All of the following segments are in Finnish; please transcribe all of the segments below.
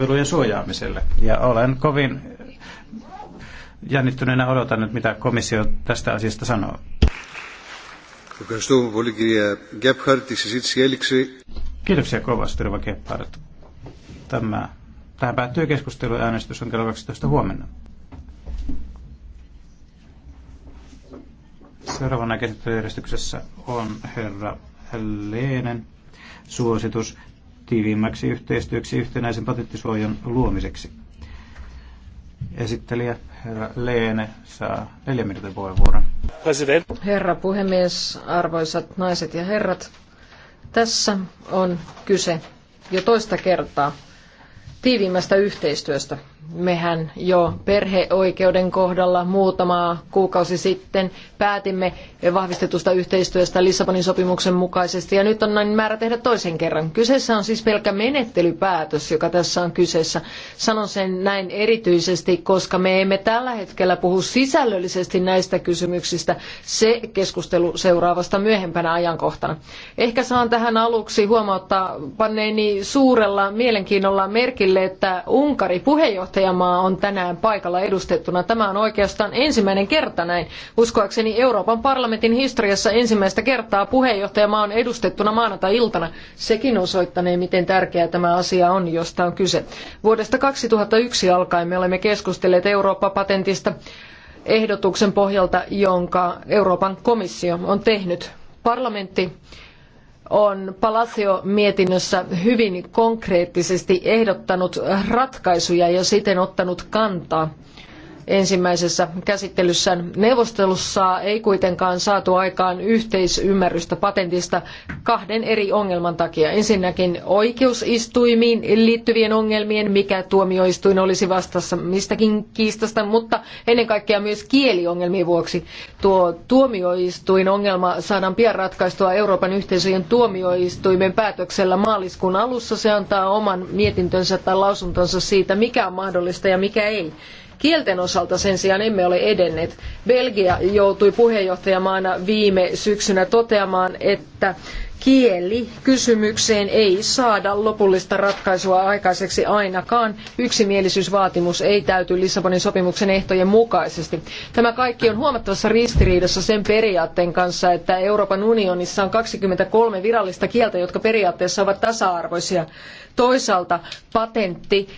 palvelujen suojaamiselle. Ja olen kovin jännittyneenä odotan että mitä komissio tästä asiasta sanoo. Kiitoksia kovasti, Rova Gebhardt. Tämä, tähän päättyy keskustelu ja äänestys on kello 12 huomenna. Seuraavana käsittelyjärjestyksessä on herra Leenen suositus tiiviimmäksi yhteistyöksi yhtenäisen patenttisuojan luomiseksi. Esittelijä herra Leene saa neljä minuutin puheenvuoron. President. Herra puhemies, arvoisat naiset ja herrat, tässä on kyse jo toista kertaa tiiviimmästä yhteistyöstä. Mehän jo perheoikeuden kohdalla muutama kuukausi sitten päätimme vahvistetusta yhteistyöstä Lissabonin sopimuksen mukaisesti ja nyt on näin määrä tehdä toisen kerran. Kyseessä on siis pelkkä menettelypäätös, joka tässä on kyseessä. Sanon sen näin erityisesti, koska me emme tällä hetkellä puhu sisällöllisesti näistä kysymyksistä. Se keskustelu seuraa vasta myöhempänä ajankohtana. Ehkä saan tähän aluksi huomauttaa panneeni suurella mielenkiinnolla merkille, että Unkari puheenjohtajamaa on tänään paikalla edustettuna. Tämä on oikeastaan ensimmäinen kerta näin. Uskoakseni ääni niin Euroopan parlamentin historiassa ensimmäistä kertaa puheenjohtajamaa on edustettuna maanantai-iltana. Sekin osoittanee, miten tärkeä tämä asia on, josta on kyse. Vuodesta 2001 alkaen me olemme keskustelleet Eurooppa-patentista ehdotuksen pohjalta, jonka Euroopan komissio on tehnyt. Parlamentti on Palacio-mietinnössä hyvin konkreettisesti ehdottanut ratkaisuja ja siten ottanut kantaa – ensimmäisessä käsittelyssä. Neuvostelussa ei kuitenkaan saatu aikaan yhteisymmärrystä patentista kahden eri ongelman takia. Ensinnäkin oikeusistuimiin liittyvien ongelmien, mikä tuomioistuin olisi vastassa mistäkin kiistasta, mutta ennen kaikkea myös kieliongelmien vuoksi. Tuo tuomioistuin ongelma saadaan pian ratkaistua Euroopan yhteisöjen tuomioistuimen päätöksellä maaliskuun alussa. Se antaa oman mietintönsä tai lausuntonsa siitä, mikä on mahdollista ja mikä ei. Kielten osalta sen sijaan emme ole edenneet. Belgia joutui puheenjohtajamaana viime syksynä toteamaan, että kielikysymykseen ei saada lopullista ratkaisua aikaiseksi ainakaan. Yksimielisyysvaatimus ei täyty Lissabonin sopimuksen ehtojen mukaisesti. Tämä kaikki on huomattavassa ristiriidassa sen periaatteen kanssa, että Euroopan unionissa on 23 virallista kieltä, jotka periaatteessa ovat tasa-arvoisia. Toisaalta patentti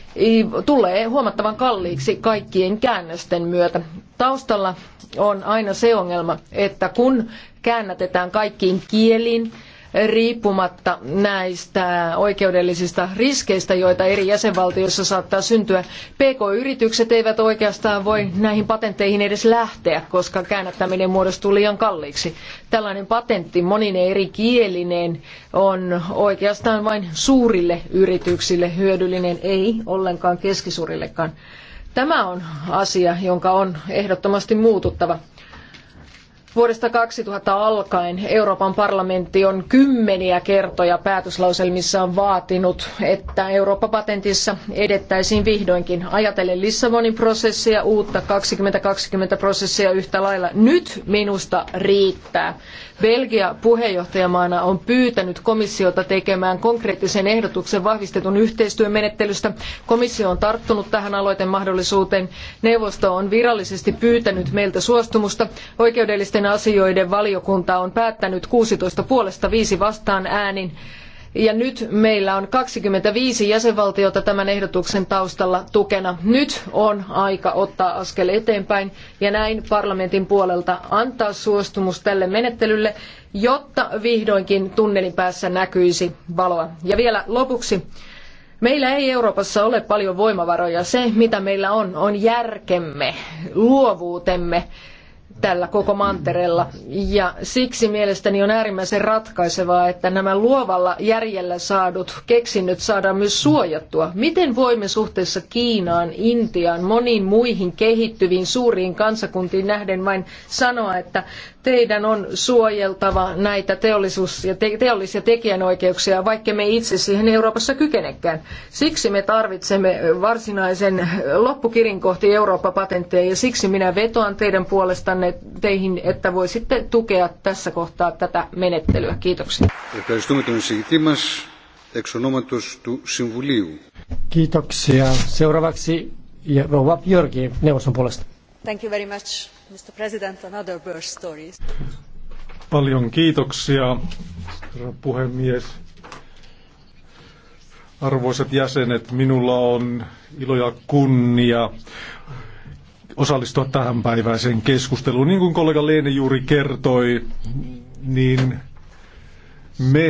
tulee huomattavan kalliiksi kaikkien käännösten myötä. Taustalla on aina se ongelma, että kun käännätetään kaikkiin kieliin, riippumatta näistä oikeudellisista riskeistä, joita eri jäsenvaltioissa saattaa syntyä. PK-yritykset eivät oikeastaan voi näihin patentteihin edes lähteä, koska käännättäminen muodostuu liian kalliiksi. Tällainen patentti monine eri kielineen on oikeastaan vain suurille yrityksille hyödyllinen, ei ollenkaan keskisuurillekaan. Tämä on asia, jonka on ehdottomasti muututtava. Vuodesta 2000 alkaen Euroopan parlamentti on kymmeniä kertoja päätöslauselmissaan vaatinut, että Eurooppa-patentissa edettäisiin vihdoinkin. Ajatellen Lissabonin prosessia, uutta 2020 prosessia yhtä lailla. Nyt minusta riittää. Belgia puheenjohtajamaana on pyytänyt komissiota tekemään konkreettisen ehdotuksen vahvistetun yhteistyön menettelystä. Komissio on tarttunut tähän aloitemahdollisuuteen. Neuvosto on virallisesti pyytänyt meiltä suostumusta. Oikeudellisten asioiden valiokunta on päättänyt 16 puolesta viisi vastaan äänin ja nyt meillä on 25 jäsenvaltiota tämän ehdotuksen taustalla tukena. Nyt on aika ottaa askel eteenpäin ja näin parlamentin puolelta antaa suostumus tälle menettelylle, jotta vihdoinkin tunnelin päässä näkyisi valoa. Ja vielä lopuksi. Meillä ei Euroopassa ole paljon voimavaroja. Se, mitä meillä on, on järkemme, luovuutemme tällä koko mantereella. Ja siksi mielestäni on äärimmäisen ratkaisevaa, että nämä luovalla järjellä saadut keksinnöt saadaan myös suojattua. Miten voimme suhteessa Kiinaan, Intiaan, moniin muihin kehittyviin suuriin kansakuntiin nähden vain sanoa, että teidän on suojeltava näitä teollisuus- ja, te- teollis- ja tekijänoikeuksia, vaikka me itse siihen Euroopassa kykenekään. Siksi me tarvitsemme varsinaisen loppukirin kohti Eurooppa-patentteja ja siksi minä vetoan teidän puolestanne, teihin, että voisitte tukea tässä kohtaa tätä menettelyä. Kiitoksia. Kiitoksia. Seuraavaksi rouva Jörgi neuvoston puolesta. Thank you very much, Mr. President, another birth stories. Paljon kiitoksia, herra puhemies. Arvoisat jäsenet, minulla on ilo ja kunnia osallistua tähän päiväiseen keskusteluun. Niin kuin kollega Leene juuri kertoi, niin me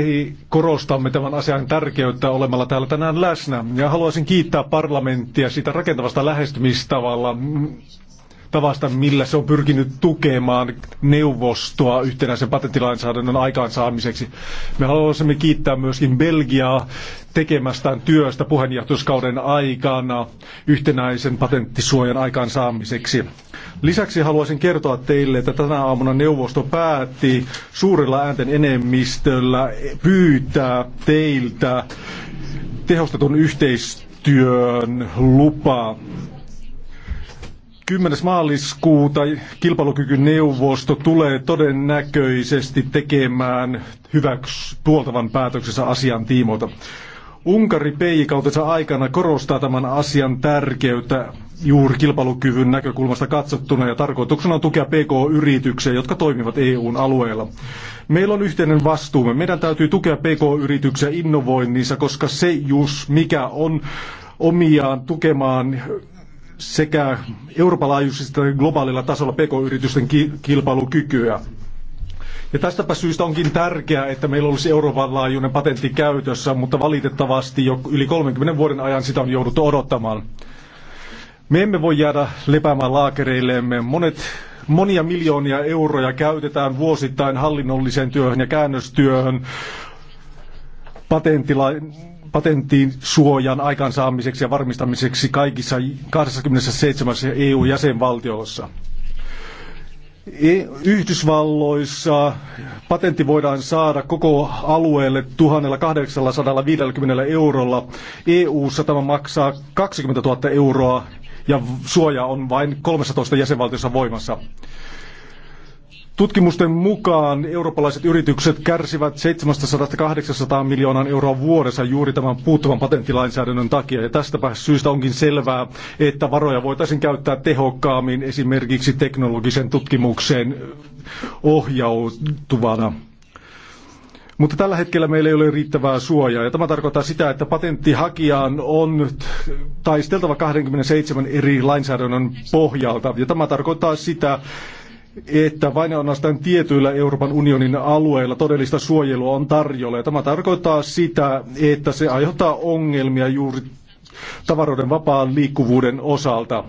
korostamme tämän asian tärkeyttä olemalla täällä tänään läsnä. Ja haluaisin kiittää parlamenttia siitä rakentavasta lähestymistavalla, tavasta, millä se on pyrkinyt tukemaan neuvostoa yhtenäisen patenttilainsäädännön aikaansaamiseksi. Me haluaisimme kiittää myöskin Belgiaa tekemästään työstä puheenjohtajuuskauden aikana yhtenäisen patenttisuojan aikaansaamiseksi. Lisäksi haluaisin kertoa teille, että tänä aamuna neuvosto päätti suurella äänten enemmistöllä pyytää teiltä tehostetun yhteistyön lupaa 10. maaliskuuta kilpailukykyneuvosto tulee todennäköisesti tekemään hyväks puoltavan päätöksensä asian tiimoilta. Unkari peikautensa aikana korostaa tämän asian tärkeyttä juuri kilpailukyvyn näkökulmasta katsottuna ja tarkoituksena on tukea PK-yrityksiä, jotka toimivat EUn alueella. Meillä on yhteinen vastuumme. Meidän täytyy tukea PK-yrityksiä innovoinnissa, koska se just mikä on omiaan tukemaan sekä Euroopan laajuisesti että globaalilla tasolla pk-yritysten kilpailukykyä. Ja tästäpä syystä onkin tärkeää, että meillä olisi Euroopan laajuinen patentti käytössä, mutta valitettavasti jo yli 30 vuoden ajan sitä on jouduttu odottamaan. Me emme voi jäädä lepäämään laakereillemme. Monet, monia miljoonia euroja käytetään vuosittain hallinnolliseen työhön ja käännöstyöhön, patenttilain patentin suojan aikaansaamiseksi ja varmistamiseksi kaikissa 27 eu jäsenvaltioissa Yhdysvalloissa patentti voidaan saada koko alueelle 1850 eurolla. EU-ssa tämä maksaa 20 000 euroa ja suoja on vain 13 jäsenvaltiossa voimassa. Tutkimusten mukaan eurooppalaiset yritykset kärsivät 700-800 miljoonan euroa vuodessa juuri tämän puuttuvan patenttilainsäädännön takia. Ja tästä syystä onkin selvää, että varoja voitaisiin käyttää tehokkaammin esimerkiksi teknologisen tutkimukseen ohjautuvana. Mutta tällä hetkellä meillä ei ole riittävää suojaa ja tämä tarkoittaa sitä, että patenttihakijaan on taisteltava 27 eri lainsäädännön pohjalta. Ja tämä tarkoittaa sitä, että vain ainoastaan tietyillä Euroopan unionin alueilla todellista suojelua on tarjolla. Ja tämä tarkoittaa sitä, että se aiheuttaa ongelmia juuri tavaroiden vapaan liikkuvuuden osalta.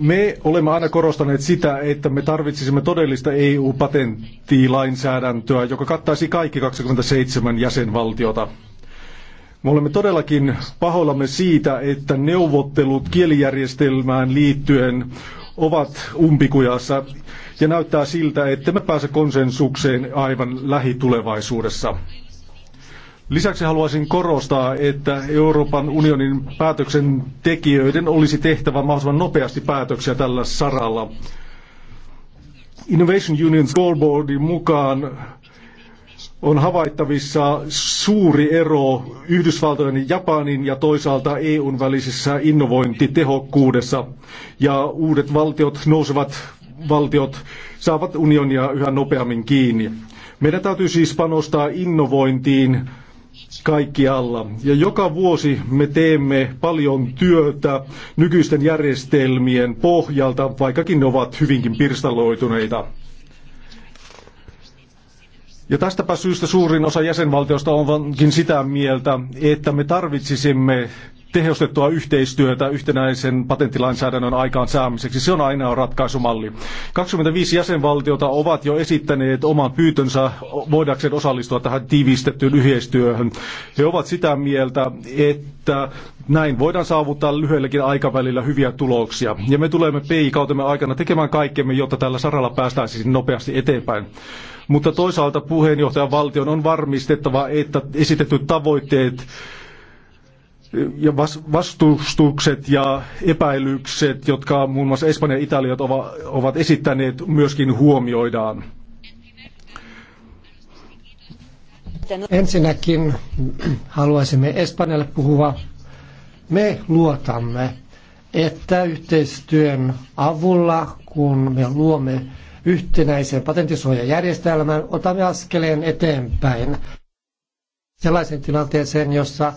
Me olemme aina korostaneet sitä, että me tarvitsisimme todellista EU-patenttilainsäädäntöä, joka kattaisi kaikki 27 jäsenvaltiota. Me olemme todellakin pahoillamme siitä, että neuvottelut kielijärjestelmään liittyen ovat umpikujassa ja näyttää siltä, että me pääse konsensukseen aivan lähitulevaisuudessa. Lisäksi haluaisin korostaa, että Euroopan unionin päätöksentekijöiden olisi tehtävä mahdollisimman nopeasti päätöksiä tällä saralla. Innovation Union Scoreboardin mukaan on havaittavissa suuri ero Yhdysvaltojen ja Japanin ja toisaalta EUn välisessä innovointitehokkuudessa. Ja uudet valtiot, nousevat valtiot saavat unionia yhä nopeammin kiinni. Meidän täytyy siis panostaa innovointiin kaikkialla. Ja joka vuosi me teemme paljon työtä nykyisten järjestelmien pohjalta, vaikkakin ne ovat hyvinkin pirstaloituneita. Ja tästäpä syystä suurin osa jäsenvaltioista onkin sitä mieltä, että me tarvitsisimme tehostettua yhteistyötä yhtenäisen patenttilainsäädännön aikaan saamiseksi. Se on aina ratkaisumalli. 25 jäsenvaltiota ovat jo esittäneet oman pyytönsä voidakseen osallistua tähän tiivistettyyn yhteistyöhön. He ovat sitä mieltä, että näin voidaan saavuttaa lyhyelläkin aikavälillä hyviä tuloksia. Ja me tulemme PI-kautemme aikana tekemään kaikkemme, jotta tällä saralla päästäisiin nopeasti eteenpäin mutta toisaalta puheenjohtajan valtion on varmistettava, että esitetyt tavoitteet ja vastustukset ja epäilykset, jotka muun muassa Espanja ja Italia ovat esittäneet, myöskin huomioidaan. Ensinnäkin haluaisimme Espanjalle puhua. Me luotamme, että yhteistyön avulla, kun me luomme yhtenäisen patenttisuojajärjestelmän, otamme askeleen eteenpäin sellaisen tilanteeseen, jossa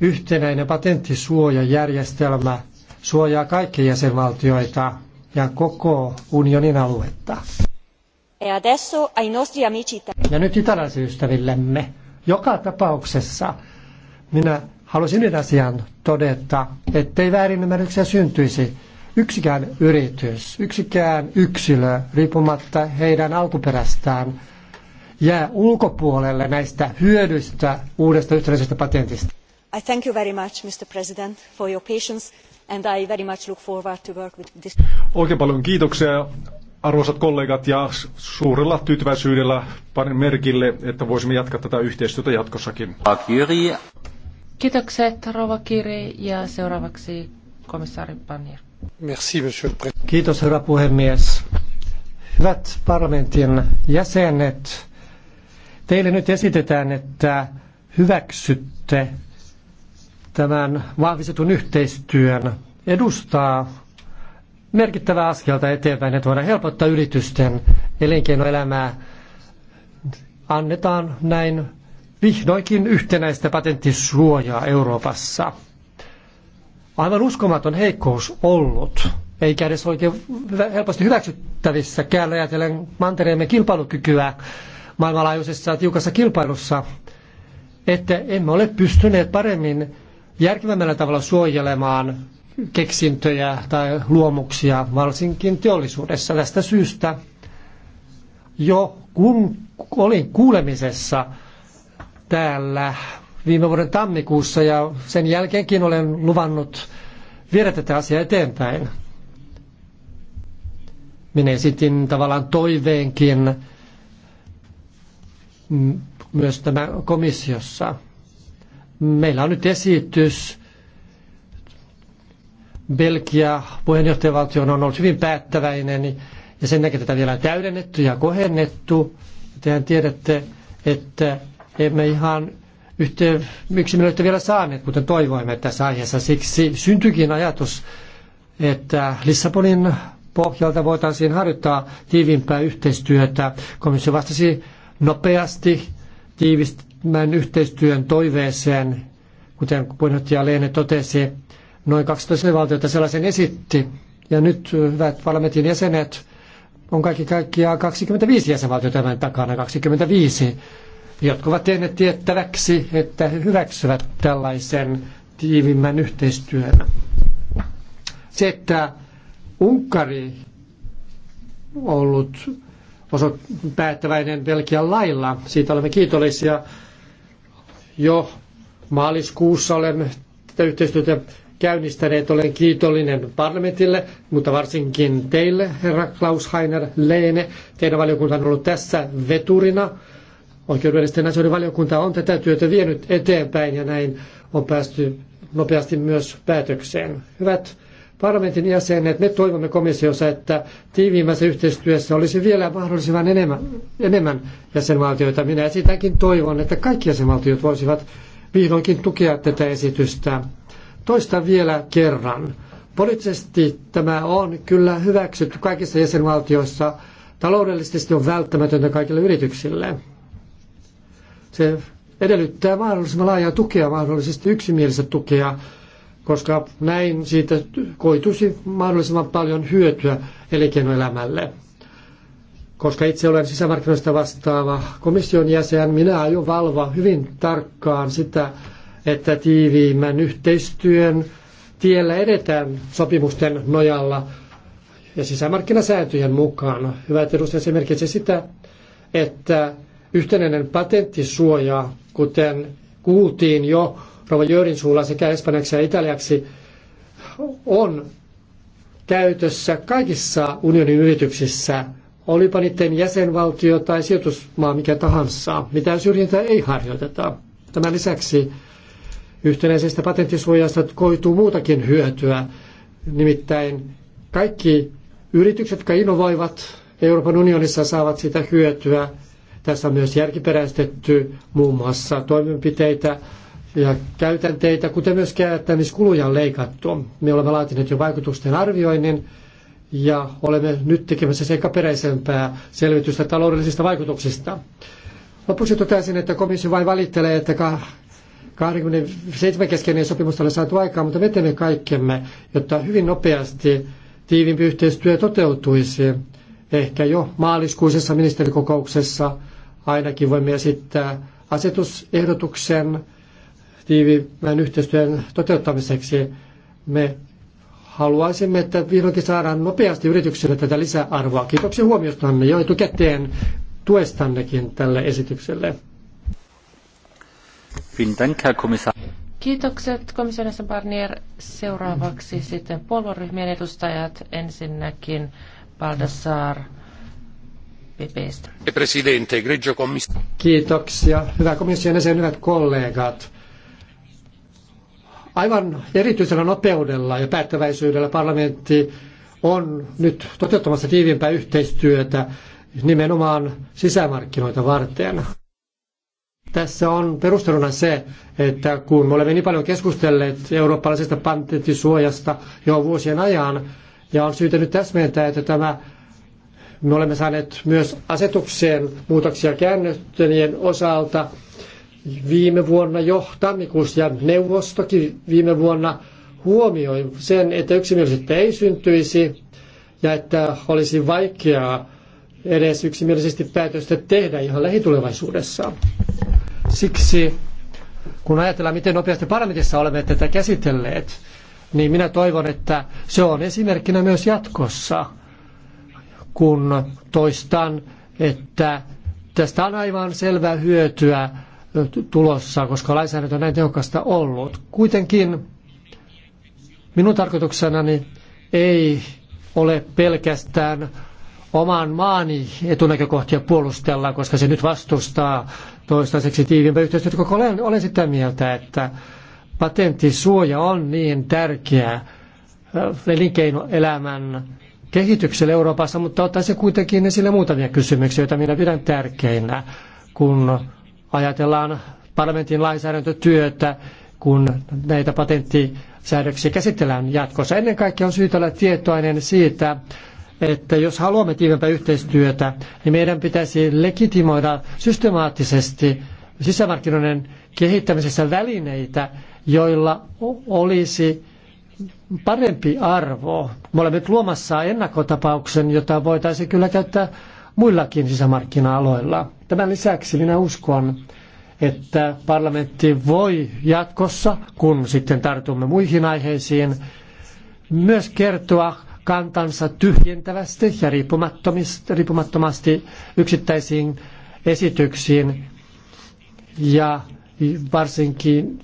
yhtenäinen patenttisuojajärjestelmä suojaa kaikkia jäsenvaltioita ja koko unionin aluetta. E ja nyt italaisille ystävillemme, joka tapauksessa minä halusin yhden asian todeta, ettei väärinymmärryksiä syntyisi yksikään yritys, yksikään yksilö, riippumatta heidän alkuperästään, jää ulkopuolelle näistä hyödyistä uudesta yhtenäisestä patentista. I thank you very much, Mr. President, for your patience, and I very much look forward to work with this. Oikein paljon kiitoksia, arvoisat kollegat, ja suurella tyytyväisyydellä panen merkille, että voisimme jatkaa tätä yhteistyötä jatkossakin. Kiitokset, Rova Kiri, ja seuraavaksi komissaari Panier. Kiitos herra puhemies. Hyvät parlamentin jäsenet, teille nyt esitetään, että hyväksytte tämän vahvistetun yhteistyön edustaa merkittävää askelta eteenpäin, että voidaan helpottaa yritysten elinkeinoelämää. Annetaan näin vihdoinkin yhtenäistä patenttisuojaa Euroopassa aivan uskomaton heikkous ollut, eikä edes oikein helposti hyväksyttävissä käällä ajatellen mantereemme kilpailukykyä maailmanlaajuisessa tiukassa kilpailussa, että emme ole pystyneet paremmin järkevämmällä tavalla suojelemaan keksintöjä tai luomuksia, varsinkin teollisuudessa. Tästä syystä jo kun olin kuulemisessa täällä viime vuoden tammikuussa ja sen jälkeenkin olen luvannut viedä tätä asiaa eteenpäin. Minä esitin tavallaan toiveenkin myös tämä komissiossa. Meillä on nyt esitys. Belgia puheenjohtajavaltio on ollut hyvin päättäväinen ja sen näkee tätä vielä on täydennetty ja kohennettu. Tehän tiedätte, että emme ihan yksimielisyyttä vielä saaneet, kuten toivoimme tässä aiheessa. Siksi syntyikin ajatus, että Lissabonin pohjalta voitaisiin harjoittaa tiiviimpää yhteistyötä. Komissio vastasi nopeasti tiivistämään yhteistyön toiveeseen, kuten puheenjohtaja Leene totesi. Noin 12 valtiota sellaisen esitti. Ja nyt, hyvät parlamentin jäsenet, on kaikki kaikkiaan 25 jäsenvaltiota tämän takana, 25 jotka ovat tehneet tiettäväksi, että he hyväksyvät tällaisen tiivimmän yhteistyön. Se, että Unkari on ollut päättäväinen Belgian lailla, siitä olemme kiitollisia. Jo maaliskuussa olemme tätä yhteistyötä käynnistäneet. Olen kiitollinen parlamentille, mutta varsinkin teille, herra Klaus Heiner Leene. Teidän valiokunta on ollut tässä veturina Oikeudellisten asioiden valiokunta on tätä työtä vienyt eteenpäin ja näin on päästy nopeasti myös päätökseen. Hyvät parlamentin jäsenet, me toivomme komissiossa, että tiiviimmässä yhteistyössä olisi vielä mahdollisimman enemmän, enemmän jäsenvaltioita. Minä esitäkin toivon, että kaikki jäsenvaltiot voisivat vihdoinkin tukea tätä esitystä. Toista vielä kerran. Poliittisesti tämä on kyllä hyväksytty kaikissa jäsenvaltioissa. Taloudellisesti on välttämätöntä kaikille yrityksille. Se edellyttää mahdollisimman laajaa tukea, mahdollisesti yksimielistä tukea, koska näin siitä koituisi mahdollisimman paljon hyötyä elinkeinoelämälle. Koska itse olen sisämarkkinoista vastaava komission jäsen, minä aion valvoa hyvin tarkkaan sitä, että tiiviimmän yhteistyön tiellä edetään sopimusten nojalla ja sisämarkkinasääntöjen mukaan. Hyvät edustajat, se merkitsee sitä, että Yhtenäinen patenttisuoja, kuten kuultiin jo Rova Jörin suulla sekä espanjaksi ja italiaksi, on käytössä kaikissa unionin yrityksissä, olipa niiden jäsenvaltio tai sijoitusmaa mikä tahansa. Mitään syrjintää ei harjoiteta. Tämän lisäksi yhtenäisestä patenttisuojasta koituu muutakin hyötyä, nimittäin kaikki yritykset, jotka innovoivat Euroopan unionissa, saavat sitä hyötyä – tässä on myös järkiperäistetty muun muassa toimenpiteitä ja käytänteitä, kuten myös käyttämiskuluja on leikattu. Me olemme laatineet jo vaikutusten arvioinnin ja olemme nyt tekemässä seikkaperäisempää selvitystä taloudellisista vaikutuksista. Lopuksi totesin, että komissio vain valittelee, että 27 keskeinen sopimusta on saatu aikaan, mutta me teemme kaikkemme, jotta hyvin nopeasti tiivimpi yhteistyö toteutuisi, ehkä jo maaliskuisessa ministerikokouksessa Ainakin voimme esittää asetusehdotuksen tiiviimmän yhteistyön toteuttamiseksi. Me haluaisimme, että vihdoinkin saadaan nopeasti yrityksille tätä lisäarvoa. Kiitoksia huomiostanne jo etukäteen tuestannekin tälle esitykselle. Kiitokset komissionissa Barnier. Seuraavaksi sitten puolueryhmien edustajat. Ensinnäkin Baldassar EPPstä. Presidente, Grigio Kiitoksia. Hyvä komission jäsen, hyvät kollegat. Aivan erityisellä nopeudella ja päättäväisyydellä parlamentti on nyt toteuttamassa tiiviimpää yhteistyötä nimenomaan sisämarkkinoita varten. Tässä on perusteluna se, että kun me olemme niin paljon keskustelleet eurooppalaisesta patenttisuojasta jo vuosien ajan, ja on syytä nyt täsmentää, että tämä me olemme saaneet myös asetukseen muutoksia käännöstenien osalta viime vuonna jo tammikuussa ja neuvostokin viime vuonna huomioi sen, että yksimielisyyttä ei syntyisi ja että olisi vaikeaa edes yksimielisesti päätöstä tehdä ihan lähitulevaisuudessa. Siksi kun ajatellaan, miten nopeasti parlamentissa olemme tätä käsitelleet, niin minä toivon, että se on esimerkkinä myös jatkossa kun toistan, että tästä on aivan selvää hyötyä tulossa, koska lainsäädäntö on näin tehokasta ollut. Kuitenkin minun tarkoituksenani ei ole pelkästään oman maani etunäkökohtia puolustella, koska se nyt vastustaa toistaiseksi tiiviimpää yhteistyötä, koko olen, olen sitä mieltä, että patenttisuoja on niin tärkeä äh, elinkeinoelämän kehitykselle Euroopassa, mutta ottaisin kuitenkin esille muutamia kysymyksiä, joita minä pidän tärkeinä, kun ajatellaan parlamentin lainsäädäntötyötä, kun näitä patenttisäädöksiä käsitellään jatkossa. Ennen kaikkea on syytä olla tietoinen siitä, että jos haluamme tiivempää yhteistyötä, niin meidän pitäisi legitimoida systemaattisesti sisämarkkinoiden kehittämisessä välineitä, joilla olisi parempi arvo. Me olemme luomassa ennakkotapauksen, jota voitaisiin kyllä käyttää muillakin sisämarkkina-aloilla. Tämän lisäksi minä uskon, että parlamentti voi jatkossa, kun sitten tartumme muihin aiheisiin, myös kertoa kantansa tyhjentävästi ja riippumattomasti yksittäisiin esityksiin ja varsinkin,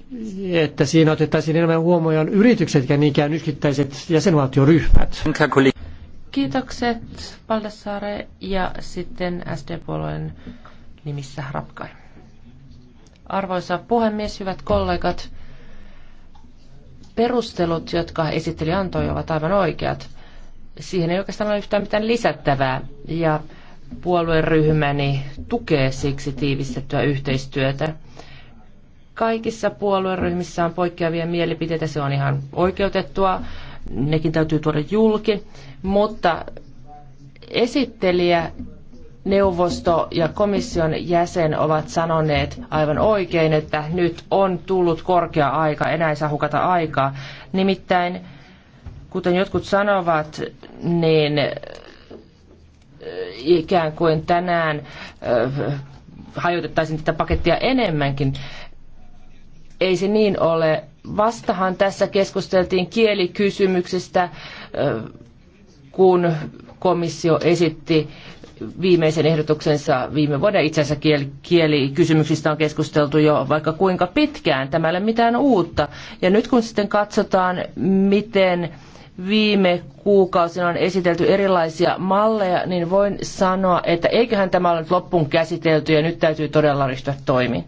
että siinä otettaisiin enemmän huomioon yritykset ja niinkään yksittäiset jäsenvaltioryhmät. Kiitokset Paldessaare ja sitten SD-puolueen nimissä Rapkai. Arvoisa puhemies, hyvät kollegat, perustelut, jotka esitteli antoi, ovat aivan oikeat. Siihen ei oikeastaan ole yhtään mitään lisättävää. Ja puolueryhmäni tukee siksi tiivistettyä yhteistyötä Kaikissa puolueryhmissä on poikkeavia mielipiteitä, se on ihan oikeutettua, nekin täytyy tuoda julki, mutta esittelijä neuvosto ja komission jäsen ovat sanoneet aivan oikein, että nyt on tullut korkea aika, enää ei saa hukata aikaa. Nimittäin, kuten jotkut sanovat, niin ikään kuin tänään hajotettaisiin tätä pakettia enemmänkin ei se niin ole. Vastahan tässä keskusteltiin kielikysymyksestä, kun komissio esitti viimeisen ehdotuksensa viime vuoden itse asiassa kielikysymyksistä on keskusteltu jo vaikka kuinka pitkään. Tämä ei ole mitään uutta. Ja nyt kun sitten katsotaan, miten viime kuukausina on esitelty erilaisia malleja, niin voin sanoa, että eiköhän tämä ole nyt loppuun käsitelty ja nyt täytyy todella ryhtyä toimiin.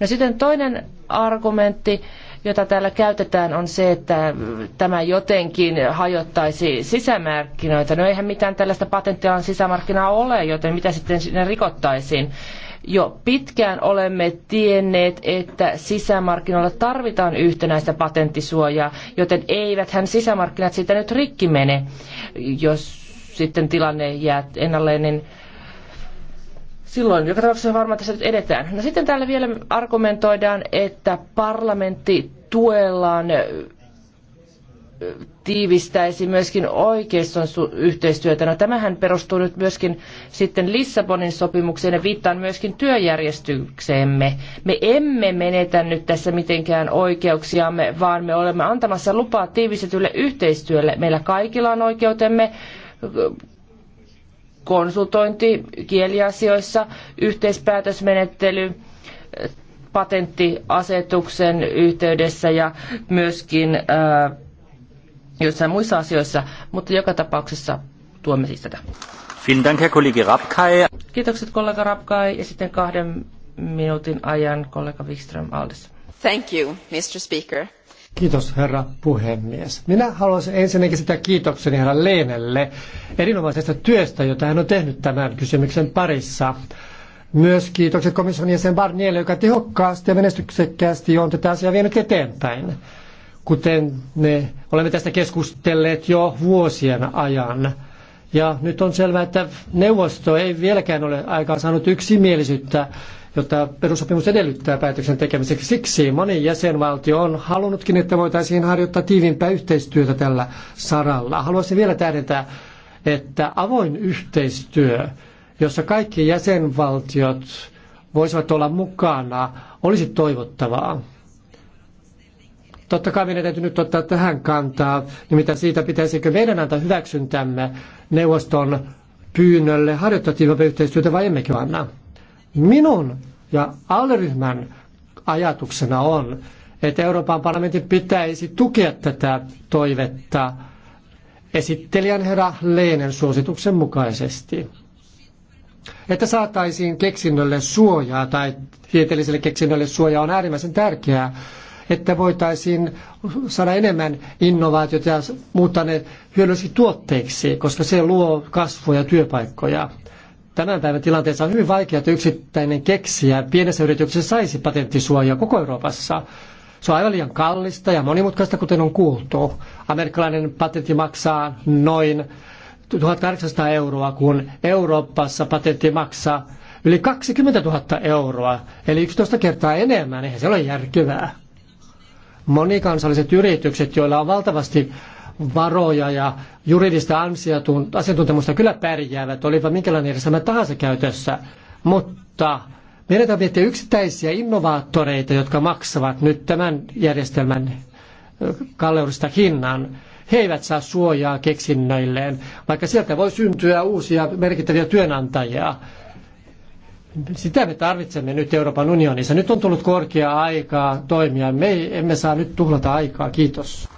No sitten toinen argumentti, jota täällä käytetään, on se, että tämä jotenkin hajottaisi sisämarkkinoita. No eihän mitään tällaista patenttialan sisämarkkinaa ole, joten mitä sitten sinne rikottaisiin? Jo pitkään olemme tienneet, että sisämarkkinoilla tarvitaan yhtenäistä patenttisuojaa, joten eiväthän sisämarkkinat siitä nyt rikki mene. Jos sitten tilanne jää ennalleen, niin silloin joka tapauksessa varmaan tässä nyt edetään. No sitten täällä vielä argumentoidaan, että parlamentti tuellaan tiivistäisi myöskin oikeiston yhteistyötä. No tämähän perustuu nyt myöskin sitten Lissabonin sopimukseen ja viittaan myöskin työjärjestykseemme. Me emme menetä nyt tässä mitenkään oikeuksiamme, vaan me olemme antamassa lupaa tiivistetylle yhteistyölle. Meillä kaikilla on oikeutemme konsultointi kieliasioissa, yhteispäätösmenettely patenttiasetuksen yhteydessä ja myöskin ää, äh, joissain muissa asioissa, mutta joka tapauksessa tuomme siis tätä. Kiitokset kollega Rapkai ja sitten kahden minuutin ajan kollega Wikström Aldis. Thank you, Mr. Speaker. Kiitos herra puhemies. Minä haluaisin ensinnäkin sitä kiitokseni herra Leenelle erinomaisesta työstä, jota hän on tehnyt tämän kysymyksen parissa. Myös kiitokset komission jäsen Barnielle, joka tehokkaasti ja menestyksekkäästi on tätä asiaa vienyt eteenpäin. Kuten me olemme tästä keskustelleet jo vuosien ajan. Ja nyt on selvää, että neuvosto ei vieläkään ole aikaan saanut yksimielisyyttä jota perussopimus edellyttää päätöksen tekemiseksi. Siksi moni jäsenvaltio on halunnutkin, että voitaisiin harjoittaa tiiviimpää yhteistyötä tällä saralla. Haluaisin vielä tähdentää, että avoin yhteistyö, jossa kaikki jäsenvaltiot voisivat olla mukana, olisi toivottavaa. Totta kai meidän täytyy nyt ottaa tähän kantaa, nimittäin siitä pitäisikö meidän antaa hyväksyntämme neuvoston pyynnölle harjoittaa tiivimpää yhteistyötä vai emmekö anna. Minun ja alleryhmän ajatuksena on, että Euroopan parlamentin pitäisi tukea tätä toivetta esittelijän herra Leenen suosituksen mukaisesti. Että saataisiin keksinnölle suojaa tai tieteelliselle keksinnölle suojaa on äärimmäisen tärkeää, että voitaisiin saada enemmän innovaatioita ja muuttaa ne hyödyllisiksi tuotteiksi, koska se luo kasvua ja työpaikkoja. Tänään päivän tilanteessa on hyvin vaikea, että yksittäinen keksijä pienessä yrityksessä saisi patenttisuojaa koko Euroopassa. Se on aivan liian kallista ja monimutkaista, kuten on kuultu. Amerikkalainen patentti maksaa noin 1800 euroa, kun Euroopassa patentti maksaa yli 20 000 euroa, eli 11 kertaa enemmän. Eihän se ole järkevää. Monikansalliset yritykset, joilla on valtavasti varoja ja juridista asiantuntemusta kyllä pärjäävät, olipa minkälainen järjestelmä tahansa käytössä, mutta meidän täytyy miettiä yksittäisiä innovaattoreita, jotka maksavat nyt tämän järjestelmän kalleudesta hinnan. He eivät saa suojaa keksinnöilleen, vaikka sieltä voi syntyä uusia merkittäviä työnantajia. Sitä me tarvitsemme nyt Euroopan unionissa. Nyt on tullut korkea aikaa toimia. Me emme saa nyt tuhlata aikaa. Kiitos.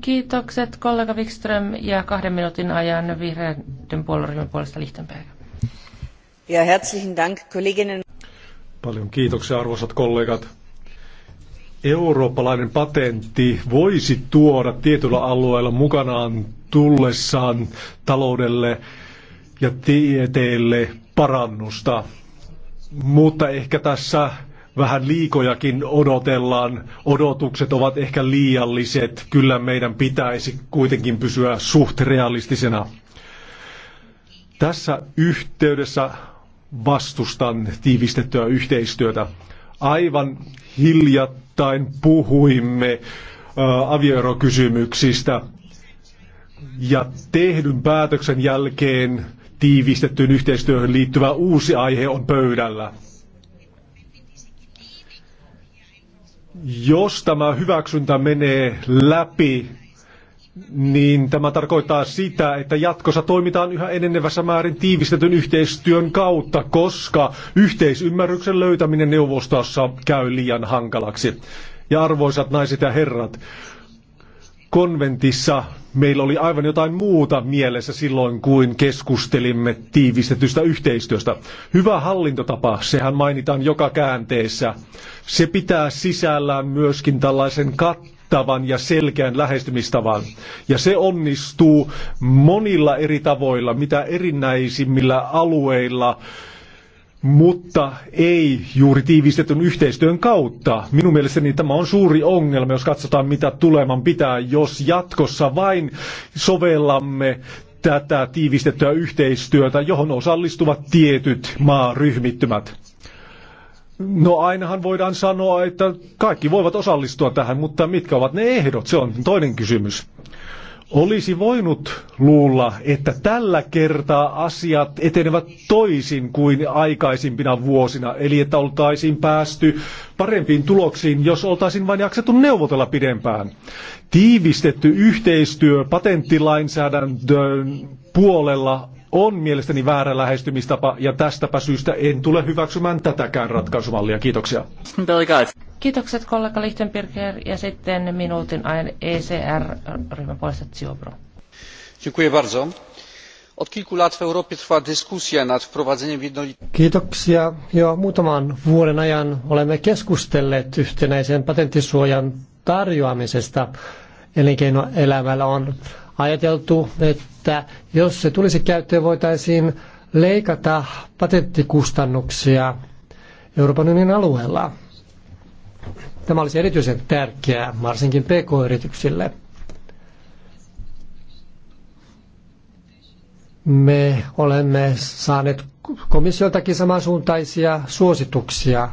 Kiitokset kollega Wikström ja kahden minuutin ajan vihreiden puolueryhmän puolesta Lichtenberg. Ja herzlichen Dank, Kolleginnen. Paljon kiitoksia arvoisat kollegat. Eurooppalainen patentti voisi tuoda tietyllä alueella mukanaan tullessaan taloudelle ja tieteelle parannusta, mutta ehkä tässä vähän liikojakin odotellaan. Odotukset ovat ehkä liialliset. Kyllä meidän pitäisi kuitenkin pysyä suht realistisena. Tässä yhteydessä vastustan tiivistettyä yhteistyötä. Aivan hiljattain puhuimme avioerokysymyksistä ja tehdyn päätöksen jälkeen tiivistettyyn yhteistyöhön liittyvä uusi aihe on pöydällä. Jos tämä hyväksyntä menee läpi, niin tämä tarkoittaa sitä, että jatkossa toimitaan yhä enenevässä määrin tiivistetyn yhteistyön kautta, koska yhteisymmärryksen löytäminen neuvostossa käy liian hankalaksi. Ja arvoisat naiset ja herrat, konventissa Meillä oli aivan jotain muuta mielessä silloin, kuin keskustelimme tiivistetystä yhteistyöstä. Hyvä hallintotapa, sehän mainitaan joka käänteessä. Se pitää sisällään myöskin tällaisen kattavan ja selkeän lähestymistavan. Ja se onnistuu monilla eri tavoilla, mitä erinäisimmillä alueilla, mutta ei juuri tiivistetyn yhteistyön kautta. Minun mielestäni tämä on suuri ongelma, jos katsotaan mitä tuleman pitää, jos jatkossa vain sovellamme tätä tiivistettyä yhteistyötä, johon osallistuvat tietyt maaryhmittymät. No ainahan voidaan sanoa, että kaikki voivat osallistua tähän, mutta mitkä ovat ne ehdot? Se on toinen kysymys. Olisi voinut luulla, että tällä kertaa asiat etenevät toisin kuin aikaisimpina vuosina, eli että oltaisiin päästy parempiin tuloksiin, jos oltaisiin vain jaksettu neuvotella pidempään. Tiivistetty yhteistyö patenttilainsäädäntöön puolella on mielestäni väärä lähestymistapa ja tästäpä syystä en tule hyväksymään tätäkään ratkaisumallia. Kiitoksia. Kiitokset kollega Lichtenberger ja sitten minuutin ajan ECR-ryhmän puolesta Ziobro. Dziękuję bardzo. Od kilku lat w Europie trwa dyskusja nad wprowadzeniem jednolitego... Kiitoksia. Jo muutaman vuoden ajan olemme keskustelleet yhtenäisen patenttisuojan tarjoamisesta. Elinkeinoelämällä on ajateltu, että jos se tulisi käyttöön, voitaisiin leikata patenttikustannuksia Euroopan unionin alueella. Tämä olisi erityisen tärkeää, varsinkin pk-yrityksille. Me olemme saaneet komissioltakin samansuuntaisia suosituksia.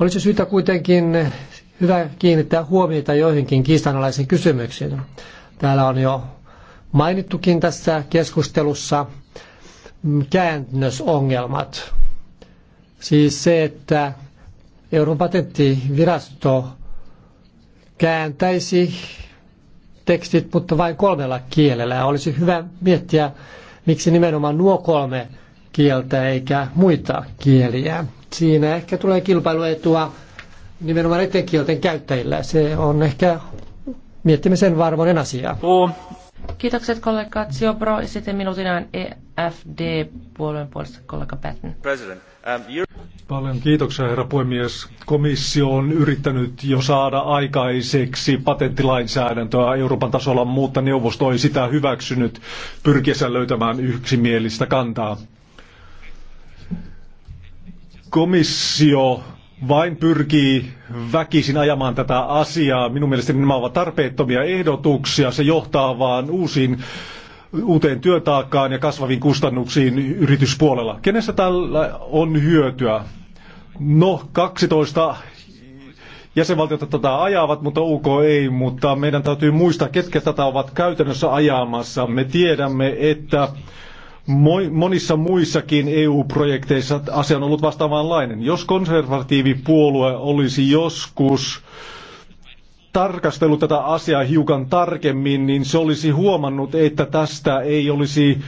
Olisi syytä kuitenkin hyvä kiinnittää huomiota joihinkin kiistanalaisiin kysymyksiin. Täällä on jo mainittukin tässä keskustelussa käännösongelmat. Siis se, että Euroopan patenttivirasto kääntäisi tekstit, mutta vain kolmella kielellä. Ja olisi hyvä miettiä, miksi nimenomaan nuo kolme kieltä eikä muita kieliä. Siinä ehkä tulee kilpailuetua nimenomaan etenkielten käyttäjillä. Se on ehkä miettimisen varmoinen asia. Kiitokset kollega Ziobro ja sitten minuutin ajan EFD-puolueen puolesta kollega Patton. Um, Paljon kiitoksia herra puhemies. Komissio on yrittänyt jo saada aikaiseksi patenttilainsäädäntöä Euroopan tasolla, mutta neuvosto ei sitä hyväksynyt pyrkiessä löytämään yksimielistä kantaa. Komissio vain pyrkii väkisin ajamaan tätä asiaa. Minun mielestäni nämä ovat tarpeettomia ehdotuksia. Se johtaa vaan uusiin uuteen työtaakkaan ja kasvaviin kustannuksiin yrityspuolella. Kenestä tällä on hyötyä? No, 12 jäsenvaltiota tätä ajavat, mutta UK ei, mutta meidän täytyy muistaa, ketkä tätä ovat käytännössä ajamassa. Me tiedämme, että Monissa muissakin EU-projekteissa asia on ollut vastaavanlainen. Jos konservatiivipuolue olisi joskus tarkastellut tätä asiaa hiukan tarkemmin, niin se olisi huomannut, että tästä ei olisi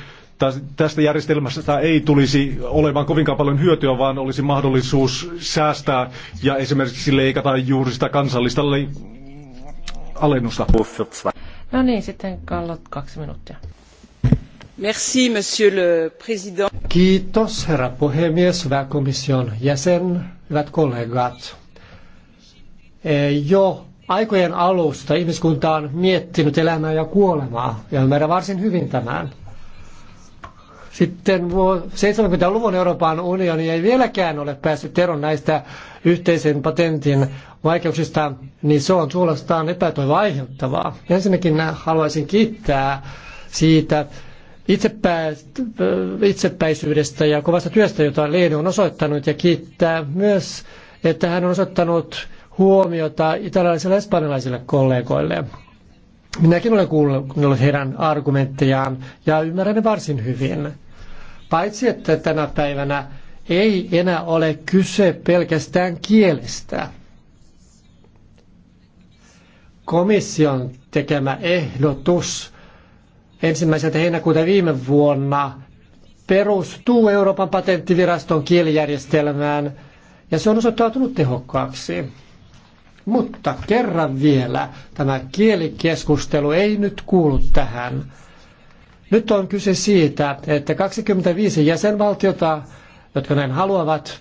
tästä järjestelmästä ei tulisi olemaan kovinkaan paljon hyötyä, vaan olisi mahdollisuus säästää ja esimerkiksi leikata juuri sitä kansallista le- alennusta. No niin, sitten kallot kaksi minuuttia. Merci, monsieur le président. Kiitos, herra puhemies, hyvä komission jäsen, hyvät kollegat. E, jo aikojen alusta ihmiskunta on miettinyt elämää ja kuolemaa, ja ymmärrän varsin hyvin tämän. Sitten 70-luvun Euroopan unioni ei vieläkään ole päässyt eroon näistä yhteisen patentin vaikeuksista, niin se on suorastaan epätoivoa aiheuttavaa. Ensinnäkin haluaisin kiittää siitä, itsepäisyydestä ja kovasta työstä, jota Leenu on osoittanut, ja kiittää myös, että hän on osoittanut huomiota italialaisille ja espanjalaisille kollegoille. Minäkin olen kuunnellut heidän argumenttejaan ja ymmärrän ne varsin hyvin. Paitsi, että tänä päivänä ei enää ole kyse pelkästään kielestä. Komission tekemä ehdotus ensimmäiseltä heinäkuuta viime vuonna perustuu Euroopan patenttiviraston kielijärjestelmään ja se on osoittautunut tehokkaaksi. Mutta kerran vielä tämä kielikeskustelu ei nyt kuulu tähän. Nyt on kyse siitä, että 25 jäsenvaltiota, jotka näin haluavat,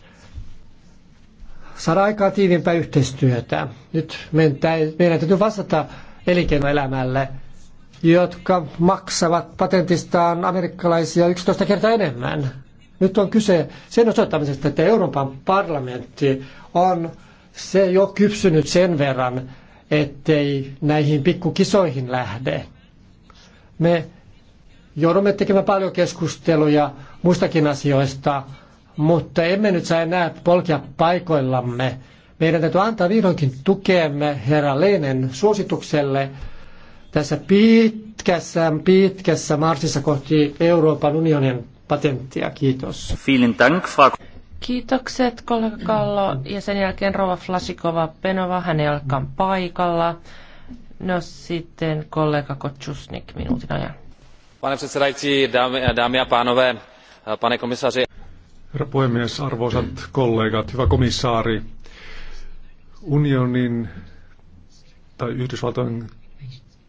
saada aikaa tiiviimpää yhteistyötä. Nyt meidän täytyy vastata elinkeinoelämälle – jotka maksavat patentistaan amerikkalaisia 11 kertaa enemmän. Nyt on kyse sen osoittamisesta, että Euroopan parlamentti on se jo kypsynyt sen verran, ettei näihin pikkukisoihin lähde. Me joudumme tekemään paljon keskusteluja muistakin asioista, mutta emme nyt saa enää polkia paikoillamme. Meidän täytyy antaa vihdoinkin tukeemme herra Leinen suositukselle, tässä pitkässä, pitkässä marssissa kohti Euroopan unionin patenttia. Kiitos. Vielen Dank, Kiitokset kollega Kallo ja sen jälkeen Rova Flasikova Penova, hän ei olekaan paikalla. No sitten kollega Kotsusnik minuutin ajan. Pane předsedající, dámy, dámy a pánové, pane komisaři. Herra puhemies, arvoisat kollegat, hyvä komissaari. Unionin tai Yhdysvaltojen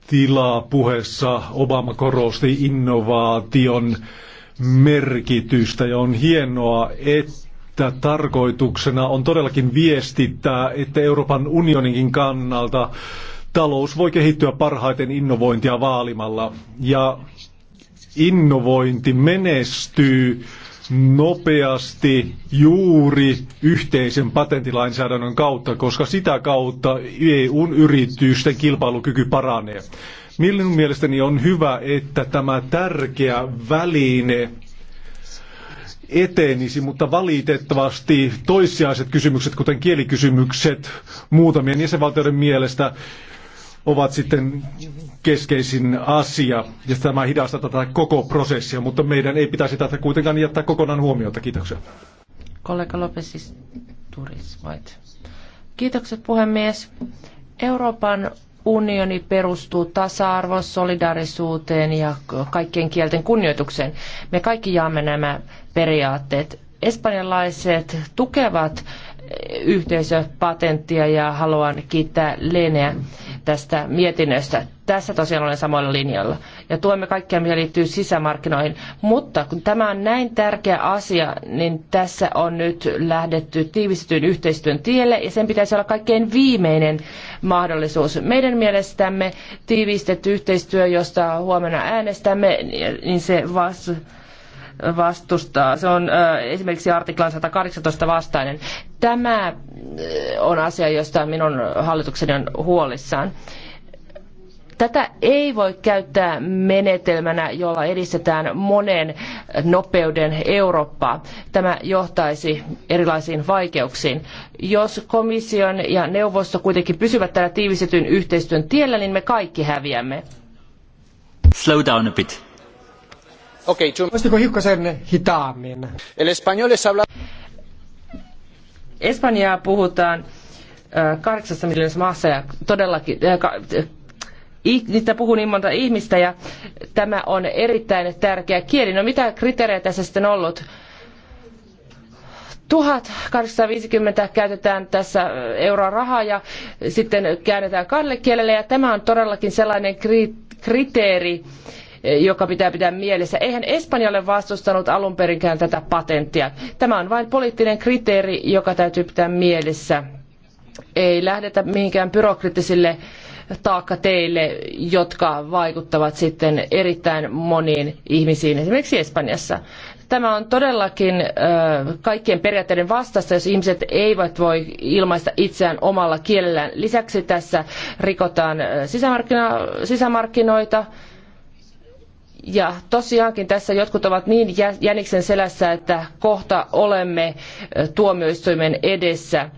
tilaa puheessa Obama korosti innovaation merkitystä ja on hienoa, että tarkoituksena on todellakin viestittää, että Euroopan unioninkin kannalta talous voi kehittyä parhaiten innovointia vaalimalla ja innovointi menestyy nopeasti juuri yhteisen patentilainsäädännön kautta, koska sitä kautta EUn yritysten kilpailukyky paranee. Minun mielestäni on hyvä, että tämä tärkeä väline etenisi, mutta valitettavasti toissijaiset kysymykset, kuten kielikysymykset, muutamien jäsenvaltioiden mielestä ovat sitten keskeisin asia, ja tämä hidastaa tätä koko prosessia, mutta meidän ei pitäisi tätä kuitenkaan jättää kokonaan huomiota. Kiitoksia. Kollega Lopesis Turismait. Kiitokset puhemies. Euroopan unioni perustuu tasa-arvoon, solidaarisuuteen ja kaikkien kielten kunnioitukseen. Me kaikki jaamme nämä periaatteet. Espanjalaiset tukevat yhteisöpatenttia ja haluan kiittää Leneä tästä mietinnöstä. Tässä tosiaan olen samoilla linjoilla. Ja tuemme kaikkea, mitä liittyy sisämarkkinoihin. Mutta kun tämä on näin tärkeä asia, niin tässä on nyt lähdetty tiivistetyn yhteistyön tielle, ja sen pitäisi olla kaikkein viimeinen mahdollisuus. Meidän mielestämme tiivistetty yhteistyö, josta huomenna äänestämme, niin se vastaa vastustaa. Se on esimerkiksi artiklan 118 vastainen. Tämä on asia, josta minun hallitukseni on huolissaan. Tätä ei voi käyttää menetelmänä, jolla edistetään monen nopeuden Eurooppaa. Tämä johtaisi erilaisiin vaikeuksiin. Jos komission ja neuvosto kuitenkin pysyvät tällä tiivistetyn yhteistyön tiellä, niin me kaikki häviämme. Slow down a bit. Voisitko hiukkasen hitaammin? El español es habla... Espanjaa puhutaan kahdeksassa miljoonassa maassa ja todellakin niistä puhuu niin monta ihmistä ja tämä on erittäin tärkeä kieli. No mitä kriteerejä tässä sitten on ollut? 1850 käytetään tässä euroa rahaa ja sitten käännetään kahdelle kielelle ja tämä on todellakin sellainen kriteeri, Eh, joka pitää pitää mielessä. Eihän Espanja ole vastustanut alun perinkään tätä patenttia. Tämä on vain poliittinen kriteeri, joka täytyy pitää mielessä. Ei lähdetä mihinkään byrokraattisille taakka teille, jotka vaikuttavat sitten erittäin moniin ihmisiin, esimerkiksi Espanjassa. Tämä on todellakin kaikkien periaatteiden vastaista, jos ihmiset eivät voi ilmaista itseään omalla kielellään. Lisäksi tässä rikotaan sisämarkkinoita ja tosiaankin tässä jotkut ovat niin jäniksen selässä, että kohta olemme tuomioistuimen edessä.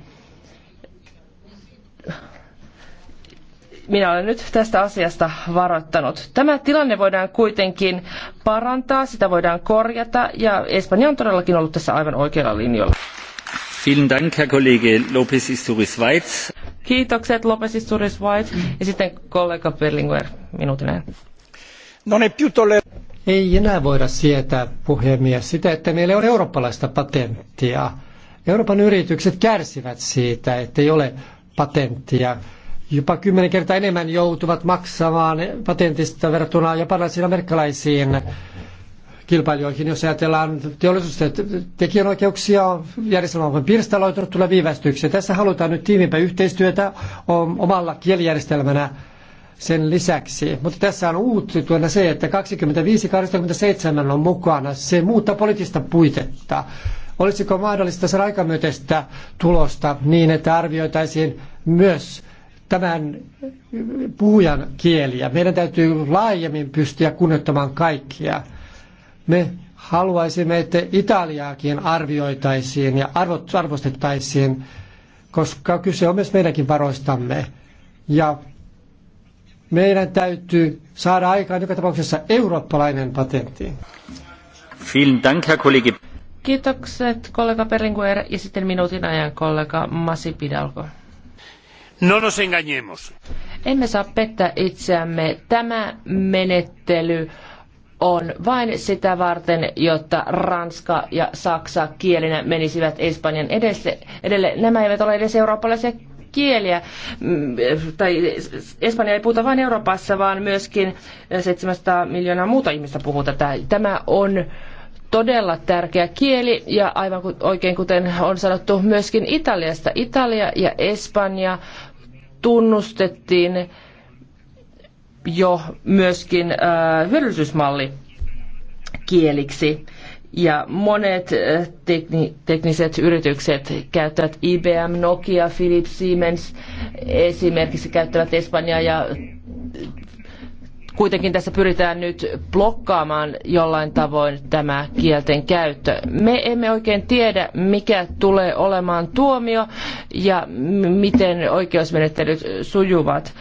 minä olen nyt tästä asiasta varoittanut. Tämä tilanne voidaan kuitenkin parantaa, sitä voidaan korjata ja Espanja on todellakin ollut tässä aivan oikealla linjalla. Kiitokset Lopez Isturiz White ja sitten kollega Berlinguer ajan. Non è più ei enää voida sietää, puhemies, sitä, että meillä on eurooppalaista patenttia. Euroopan yritykset kärsivät siitä, että ei ole patenttia. Jopa kymmenen kertaa enemmän joutuvat maksamaan patentista verrattuna japanilaisiin amerikkalaisiin kilpailijoihin, jos ajatellaan teollisuus- tekijänoikeuksia, järjestelmä on pirstaloitunut, tulee viivästyksiä. Tässä halutaan nyt tiivimpää yhteistyötä omalla kielijärjestelmänä sen lisäksi. Mutta tässä on uutuutena se, että 25-27 on mukana. Se muuttaa poliittista puitetta. Olisiko mahdollista saada aikamyöteistä tulosta niin, että arvioitaisiin myös tämän puhujan kieliä. Meidän täytyy laajemmin pystyä kunnioittamaan kaikkia. Me haluaisimme, että Italiaakin arvioitaisiin ja arvostettaisiin, koska kyse on myös meidänkin varoistamme. Ja meidän täytyy saada aikaan joka tapauksessa eurooppalainen patentti. Kiitokset kollega Perlinguer ja sitten minuutin ajan kollega Masi Pidalgo. No nos engañemos. Emme saa pettää itseämme. Tämä menettely on vain sitä varten, jotta ranska ja saksa kielinä menisivät Espanjan edelle. edelle. Nämä eivät ole edes eurooppalaisia kieliä, mm, tai Espanja ei puhuta vain Euroopassa, vaan myöskin 700 miljoonaa muuta ihmistä puhuu tätä. Tämä on todella tärkeä kieli ja aivan oikein kuten on sanottu myöskin Italiasta. Italia ja Espanja tunnustettiin jo myöskin äh, hyödyllisyysmalli kieliksi. Ja monet eh, tekni, tekniset yritykset käyttävät IBM, Nokia, Philips, Siemens esimerkiksi käyttävät Espanjaa ja eh, kuitenkin tässä pyritään nyt blokkaamaan jollain tavoin tämä kielten käyttö. Me emme oikein tiedä, mikä tulee olemaan tuomio ja miten oikeusmenettelyt sujuvat.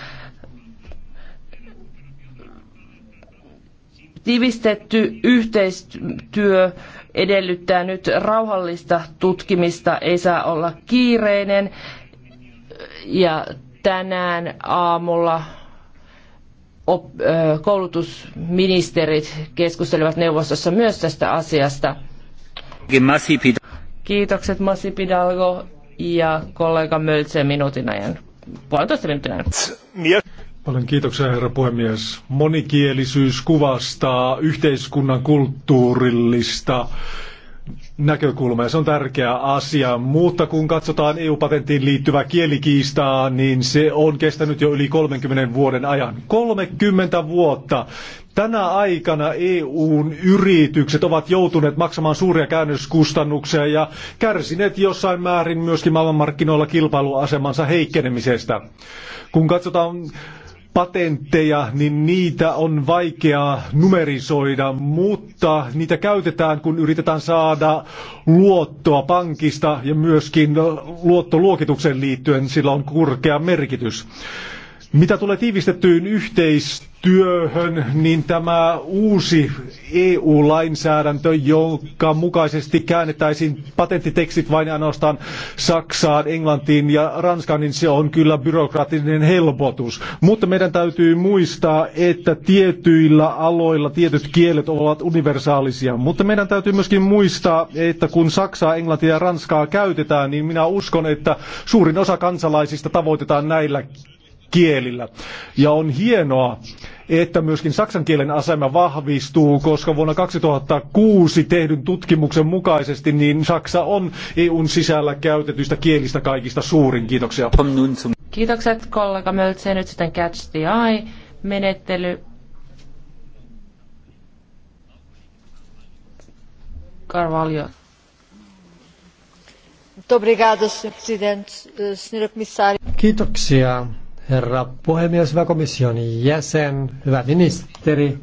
Tiivistetty yhteistyö edellyttää nyt rauhallista tutkimista, ei saa olla kiireinen. Ja tänään aamulla koulutusministerit keskustelivat neuvostossa myös tästä asiasta. Kiitokset Masi Pidalgo ja kollega Möltse minuutin ajan. Puolentoista minuutin ajan. Paljon kiitoksia, herra puhemies. Monikielisyys kuvastaa yhteiskunnan kulttuurillista näkökulmaa. Se on tärkeä asia, mutta kun katsotaan EU-patenttiin liittyvää kielikiistaa, niin se on kestänyt jo yli 30 vuoden ajan. 30 vuotta! Tänä aikana EUn yritykset ovat joutuneet maksamaan suuria käännöskustannuksia ja kärsineet jossain määrin myöskin maailmanmarkkinoilla kilpailuasemansa heikkenemisestä. Kun katsotaan patentteja, niin niitä on vaikea numerisoida, mutta niitä käytetään, kun yritetään saada luottoa pankista ja myöskin luottoluokitukseen liittyen sillä on korkea merkitys. Mitä tulee tiivistettyyn yhteistyöhön, työhön, niin tämä uusi EU-lainsäädäntö, jonka mukaisesti käännettäisiin patenttitekstit vain ainoastaan Saksaan, Englantiin ja Ranskaan, niin se on kyllä byrokraattinen helpotus. Mutta meidän täytyy muistaa, että tietyillä aloilla tietyt kielet ovat universaalisia. Mutta meidän täytyy myöskin muistaa, että kun Saksaa, Englantia ja Ranskaa käytetään, niin minä uskon, että suurin osa kansalaisista tavoitetaan näillä kielillä. Ja on hienoa, että myöskin saksan kielen asema vahvistuu, koska vuonna 2006 tehdyn tutkimuksen mukaisesti niin Saksa on EUn sisällä käytetyistä kielistä kaikista suurin. Kiitoksia. Kiitokset kollega Möltse. Nyt sitten Catch the Eye-menettely. Carvalho. Kiitoksia herra puhemies, hyvä komission jäsen, hyvä ministeri.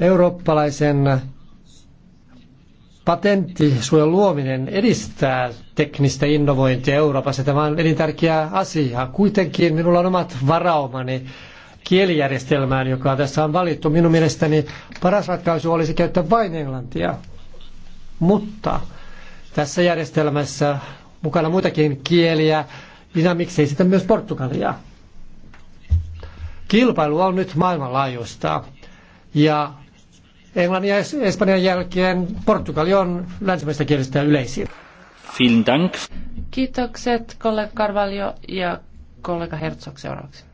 Eurooppalaisen patenttisuojan luominen edistää teknistä innovointia Euroopassa. Tämä on elintärkeä asia. Kuitenkin minulla on omat varaumani kielijärjestelmään, joka tässä on valittu. Minun mielestäni paras ratkaisu olisi käyttää vain englantia. Mutta tässä järjestelmässä mukana muitakin kieliä, minä miksei sitä myös Portugalia. Kilpailu on nyt maailmanlaajuista ja englannin ja espanjan jälkeen Portugali on länsimäistä kielistä yleisin. Vielen Dank. Kiitokset kollega Carvalho ja kollega Herzog seuraavaksi.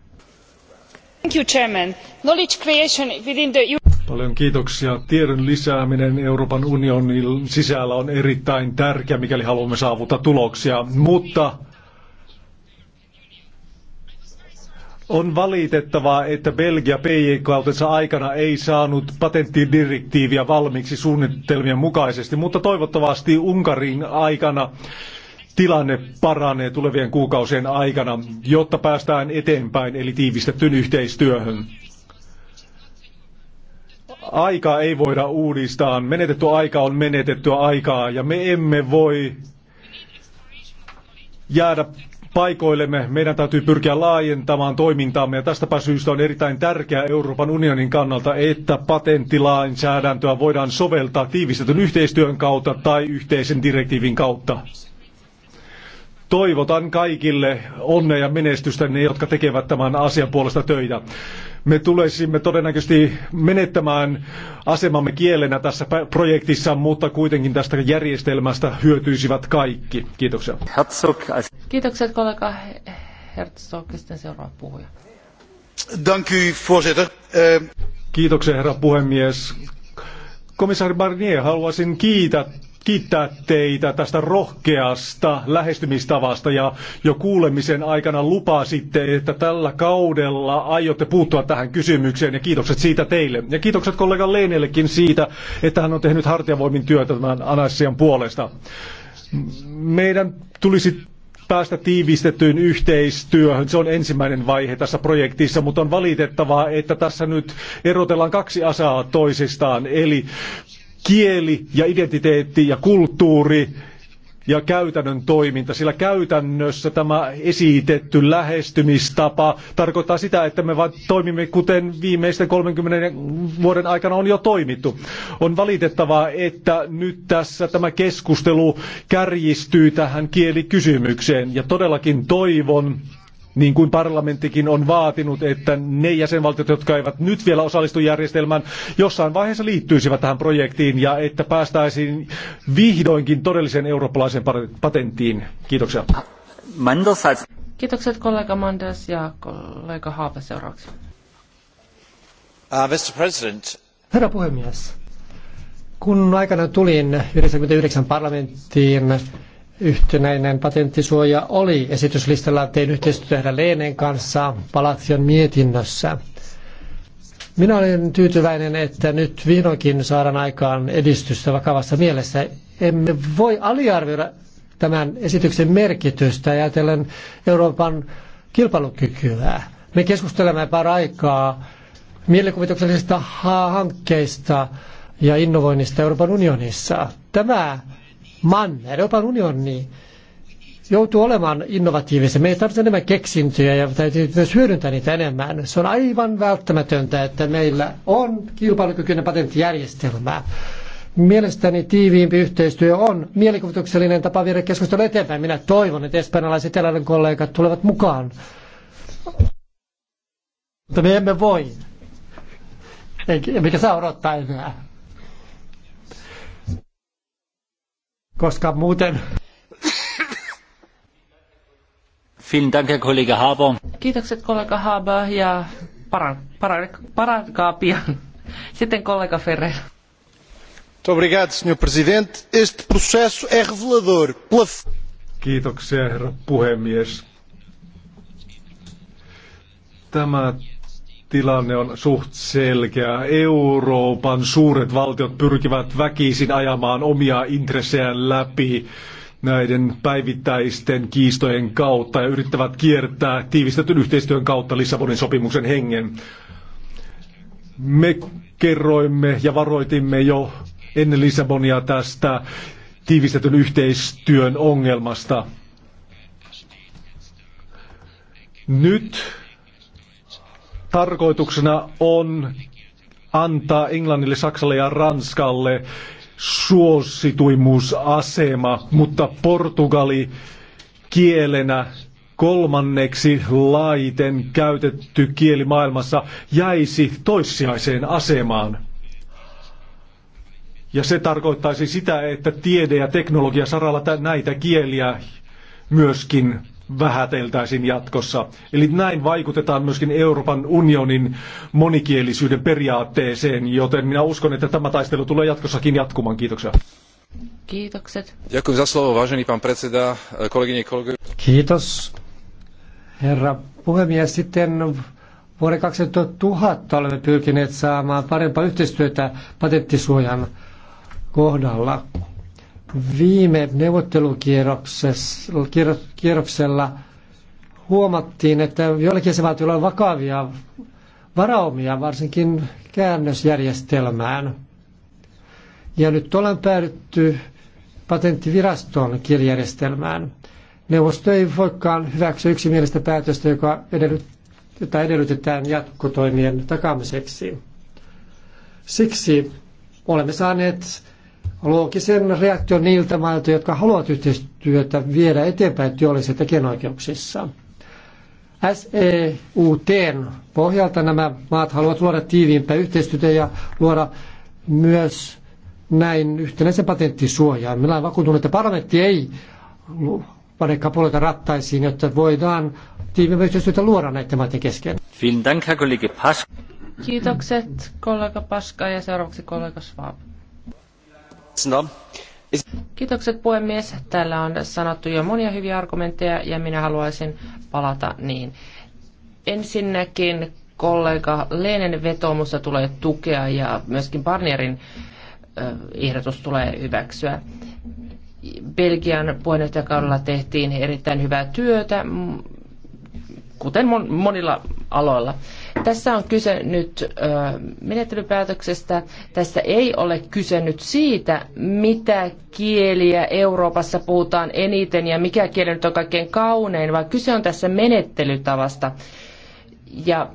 Thank you, Chairman. Knowledge creation within the Paljon kiitoksia. Tiedon lisääminen Euroopan unionin sisällä on erittäin tärkeä, mikäli haluamme saavuttaa tuloksia, mutta On valitettavaa, että Belgia PJ-kautensa aikana ei saanut patenttidirektiiviä valmiiksi suunnitelmien mukaisesti, mutta toivottavasti Unkarin aikana tilanne paranee tulevien kuukausien aikana, jotta päästään eteenpäin eli tiivistettyyn yhteistyöhön. Aikaa ei voida uudistaa. Menetetty aika on menetettyä aikaa ja me emme voi jäädä paikoillemme. Meidän täytyy pyrkiä laajentamaan toimintaamme ja tästä syystä on erittäin tärkeää Euroopan unionin kannalta, että patenttilainsäädäntöä voidaan soveltaa tiivistetyn yhteistyön kautta tai yhteisen direktiivin kautta. Toivotan kaikille onnea ja menestystä ne, jotka tekevät tämän asian puolesta töitä me tulisimme todennäköisesti menettämään asemamme kielenä tässä projektissa, mutta kuitenkin tästä järjestelmästä hyötyisivät kaikki. Kiitoksia. Kiitokset kollega Herzog, sitten seuraava puhuja. voorzitter. Eh, Kiitoksia herra puhemies. Komissaari Barnier, haluaisin kiittää kiittää teitä tästä rohkeasta lähestymistavasta ja jo kuulemisen aikana lupasitte, että tällä kaudella aiotte puuttua tähän kysymykseen ja kiitokset siitä teille. Ja kiitokset kollega Leenellekin siitä, että hän on tehnyt hartiavoimin työtä tämän anassian puolesta. Meidän tulisi päästä tiivistettyyn yhteistyöhön. Se on ensimmäinen vaihe tässä projektissa, mutta on valitettavaa, että tässä nyt erotellaan kaksi asiaa toisistaan. Eli kieli ja identiteetti ja kulttuuri ja käytännön toiminta, sillä käytännössä tämä esitetty lähestymistapa tarkoittaa sitä, että me vain toimimme kuten viimeisten 30 vuoden aikana on jo toimittu. On valitettavaa, että nyt tässä tämä keskustelu kärjistyy tähän kielikysymykseen ja todellakin toivon, niin kuin parlamenttikin on vaatinut, että ne jäsenvaltiot, jotka eivät nyt vielä osallistu järjestelmään, jossain vaiheessa liittyisivät tähän projektiin ja että päästäisiin vihdoinkin todelliseen eurooppalaiseen patenttiin. Kiitoksia. Kiitokset kollega Manders ja kollega Haapa seuraavaksi. Uh, Mr. President. Herra puhemies, kun aikana tulin 99 parlamenttiin, yhtenäinen patenttisuoja oli esityslistalla tein yhteistyötä Leenen kanssa Palatsion mietinnössä. Minä olen tyytyväinen, että nyt vihdoinkin saadaan aikaan edistystä vakavassa mielessä. Emme voi aliarvioida tämän esityksen merkitystä ajatellen Euroopan kilpailukykyä. Me keskustelemme paraikaa mielikuvituksellisista hankkeista ja innovoinnista Euroopan unionissa. Tämä manner, Euroopan unioni, joutuu olemaan innovatiivisia. Meidän tarvitsee enemmän keksintöjä ja täytyy myös hyödyntää niitä enemmän. Se on aivan välttämätöntä, että meillä on kilpailukykyinen patenttijärjestelmä. Mielestäni tiiviimpi yhteistyö on mielikuvituksellinen tapa viedä keskustelua eteenpäin. Minä toivon, että espanjalaiset etelän kollegat tulevat mukaan. Mutta me emme voi. Eikä, mikä saa odottaa enää. koska muuten... Kiitokset kollega Haber ja paran, paran, parankaa pian. Sitten kollega Ferrer. Obrigado, senhor presidente. Este processo é revelador. Kiitoksia, herra puhemies. Tämä tilanne on suht selkeä. Euroopan suuret valtiot pyrkivät väkisin ajamaan omia intressejään läpi näiden päivittäisten kiistojen kautta ja yrittävät kiertää tiivistetyn yhteistyön kautta Lissabonin sopimuksen hengen. Me kerroimme ja varoitimme jo ennen Lissabonia tästä tiivistetyn yhteistyön ongelmasta. Nyt tarkoituksena on antaa Englannille, Saksalle ja Ranskalle suosituimuusasema, mutta Portugali kielenä kolmanneksi laiten käytetty kieli maailmassa jäisi toissijaiseen asemaan. Ja se tarkoittaisi sitä, että tiede ja teknologia saralla näitä kieliä myöskin vähäteltäisiin jatkossa. Eli näin vaikutetaan myöskin Euroopan unionin monikielisyyden periaatteeseen, joten minä uskon, että tämä taistelu tulee jatkossakin jatkumaan. Kiitoksia. Kiitokset. Ďakujem za slovo, vážený pán predseda, kolegyne, Kiitos. Herra puhemies, sitten vuoden 2000 olemme pyrkineet saamaan parempaa yhteistyötä patenttisuojan kohdalla viime neuvottelukierroksella huomattiin, että joillakin se vaatii olla vakavia varaumia, varsinkin käännösjärjestelmään. Ja nyt ollaan päädytty patenttiviraston kirjärjestelmään. Neuvosto ei voikaan hyväksyä yksimielistä päätöstä, joka edellyttää jota edellytetään jatkotoimien takaamiseksi. Siksi olemme saaneet loogisen reaktion niiltä mailta, jotka haluavat yhteistyötä viedä eteenpäin työllisissä tekijänoikeuksissa. SEUT pohjalta nämä maat haluavat luoda tiiviimpää yhteistyötä ja luoda myös näin yhtenäisen patenttisuojaan. Minä olen vakuutunut, että parlamentti ei pane kapuloita rattaisiin, jotta voidaan tiiviimpää yhteistyötä luoda näiden maiden kesken. Kiitokset kollega Paska ja seuraavaksi kollega Schwab. Kiitokset puhemies. Täällä on sanottu jo monia hyviä argumentteja ja minä haluaisin palata niin. Ensinnäkin kollega Leenen vetoomusta tulee tukea ja myöskin Barnierin ehdotus tulee hyväksyä. Belgian puheenjohtajakaudella tehtiin erittäin hyvää työtä kuten monilla aloilla. Tässä on kyse nyt ö, menettelypäätöksestä. Tässä ei ole kyse nyt siitä, mitä kieliä Euroopassa puhutaan eniten ja mikä kieli nyt on kaikkein kaunein, vaan kyse on tässä menettelytavasta. Ja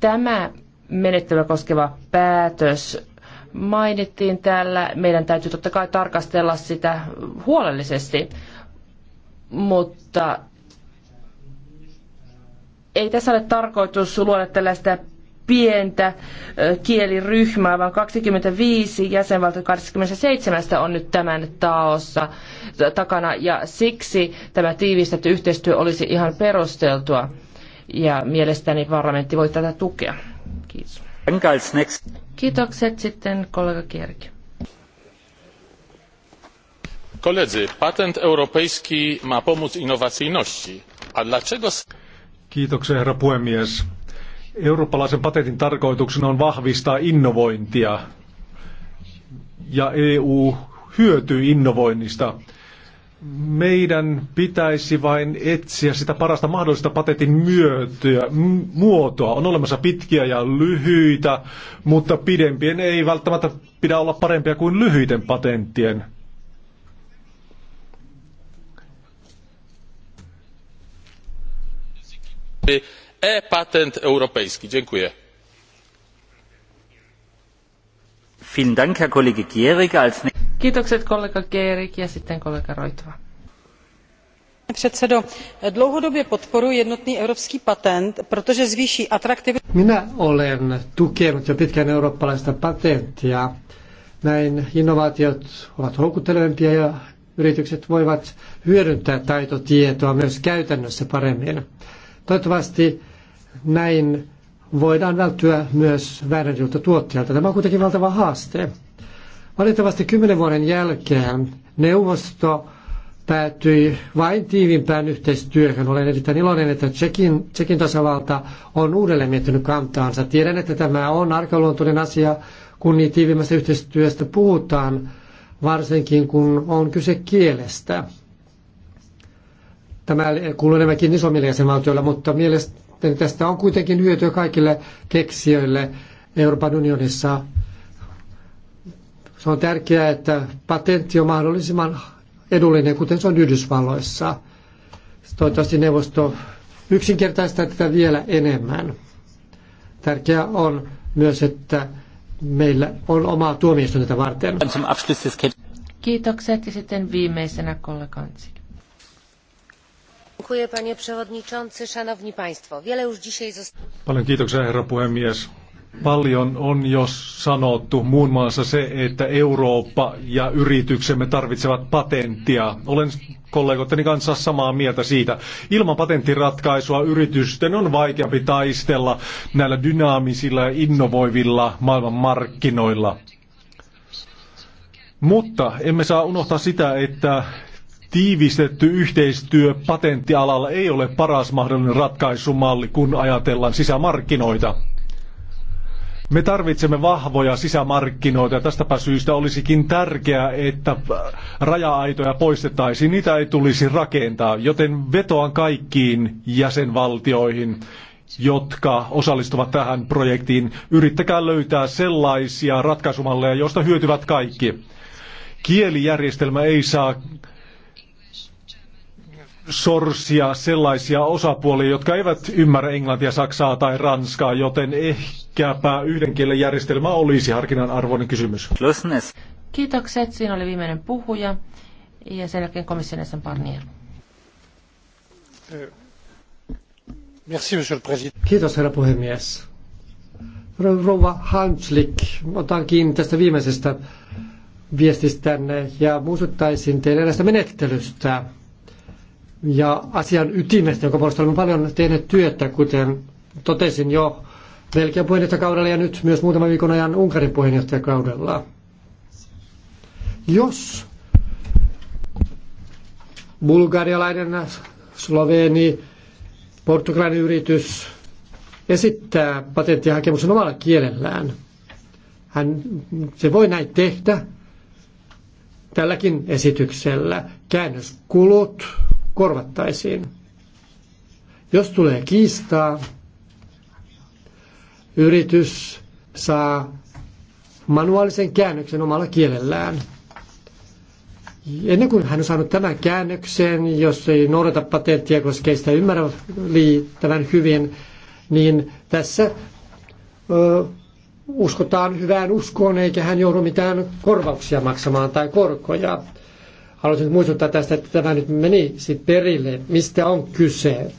tämä menettelyä koskeva päätös mainittiin täällä. Meidän täytyy totta kai tarkastella sitä huolellisesti, mutta ei tässä ole tarkoitus luoda tällaista pientä kieliryhmää, vaan 25 jäsenvaltiota 27 on nyt tämän taossa takana ja siksi tämä tiivistetty yhteistyö olisi ihan perusteltua ja mielestäni parlamentti voi tätä tukea. Kiitos. Kiitokset sitten kollega Kierki. Koledzy, patent europejski ma pomóc innowacyjności. A dlaczego... Kiitoksia, herra puhemies. Eurooppalaisen patentin tarkoituksena on vahvistaa innovointia ja EU hyötyy innovoinnista. Meidän pitäisi vain etsiä sitä parasta mahdollista patentin myötyä, muotoa. On olemassa pitkiä ja lyhyitä, mutta pidempien ei välttämättä pidä olla parempia kuin lyhyiden patenttien. e patent europejski. dziękuję. pane kollega ja sitten kollega dlouhodobě podporuji jednotný evropský patent, protože zvýší atraktivitu. Minä olen tukenut jo pitkään eurooppalaista patenttia. Näin innovaatiot ovat houkuttelevampia ja yritykset voivat hyödyntää taitotietoa myös käytännössä paremmin. Toivottavasti näin voidaan välttyä myös vääräriltä tuottajalta. Tämä on kuitenkin valtava haaste. Valitettavasti kymmenen vuoden jälkeen neuvosto päätyi vain tiivimpään yhteistyöhön. Olen erittäin iloinen, että Tsekin, Tsekin tasavalta on uudelleen miettinyt kantaansa. Tiedän, että tämä on arkaluontoinen asia, kun niin tiivimmästä yhteistyöstä puhutaan, varsinkin kun on kyse kielestä. Tämä kuuluu enemmänkin isommille jäsenvaltioille, mutta mielestäni tästä on kuitenkin hyötyä kaikille keksijöille Euroopan unionissa. Se on tärkeää, että patentti on mahdollisimman edullinen, kuten se on Yhdysvalloissa. Toivottavasti neuvosto yksinkertaistaa tätä vielä enemmän. Tärkeää on myös, että meillä on omaa tuomioistuinta varten. Kiitokset ja sitten viimeisenä kollegansi panie przewodniczący! szanowni państwo! wiele już dzisiaj Paljon kiitoksia herra puhemies. Paljon on jo sanottu muun muassa se, että Eurooppa ja yrityksemme tarvitsevat patenttia. Olen kollegoitteni kanssa samaa mieltä siitä. Ilman patenttiratkaisua yritysten on vaikeampi taistella näillä dynaamisilla ja innovoivilla maailmanmarkkinoilla. Mutta emme saa unohtaa sitä, että tiivistetty yhteistyö patenttialalla ei ole paras mahdollinen ratkaisumalli, kun ajatellaan sisämarkkinoita. Me tarvitsemme vahvoja sisämarkkinoita ja tästäpä syystä olisikin tärkeää, että raja-aitoja poistettaisiin. Niitä ei tulisi rakentaa, joten vetoan kaikkiin jäsenvaltioihin, jotka osallistuvat tähän projektiin. Yrittäkää löytää sellaisia ratkaisumalleja, joista hyötyvät kaikki. Kielijärjestelmä ei saa sorsia sellaisia osapuolia, jotka eivät ymmärrä englantia, saksaa tai ranskaa, joten ehkäpä yhden kielen järjestelmä olisi harkinnan arvoinen kysymys. Kiitokset. Siinä oli viimeinen puhuja ja sen jälkeen komission jäsen Barnier. Kiitos herra puhemies. Rouva Hanslik, otan kiinni tästä viimeisestä viestistänne ja muistuttaisin teille näistä menettelystä ja asian ytimestä, jonka puolesta olemme paljon tehneet työtä, kuten totesin jo Belgian puheenjohtajakaudella ja nyt myös muutaman viikon ajan Unkarin puheenjohtajakaudella. Jos bulgarialainen, sloveeni, portugalainen yritys esittää patenttihakemuksen omalla kielellään, hän, se voi näin tehdä tälläkin esityksellä. Käännöskulut korvattaisiin. Jos tulee kiistaa, yritys saa manuaalisen käännöksen omalla kielellään. Ennen kuin hän on saanut tämän käännöksen, jos ei noudata patenttia, koska ei sitä ymmärrä liittävän hyvin, niin tässä ö, uskotaan hyvään uskoon, eikä hän joudu mitään korvauksia maksamaan tai korkoja. Haluaisin muistuttaa tästä, että tämä nyt meni sitten perille, mistä on kyse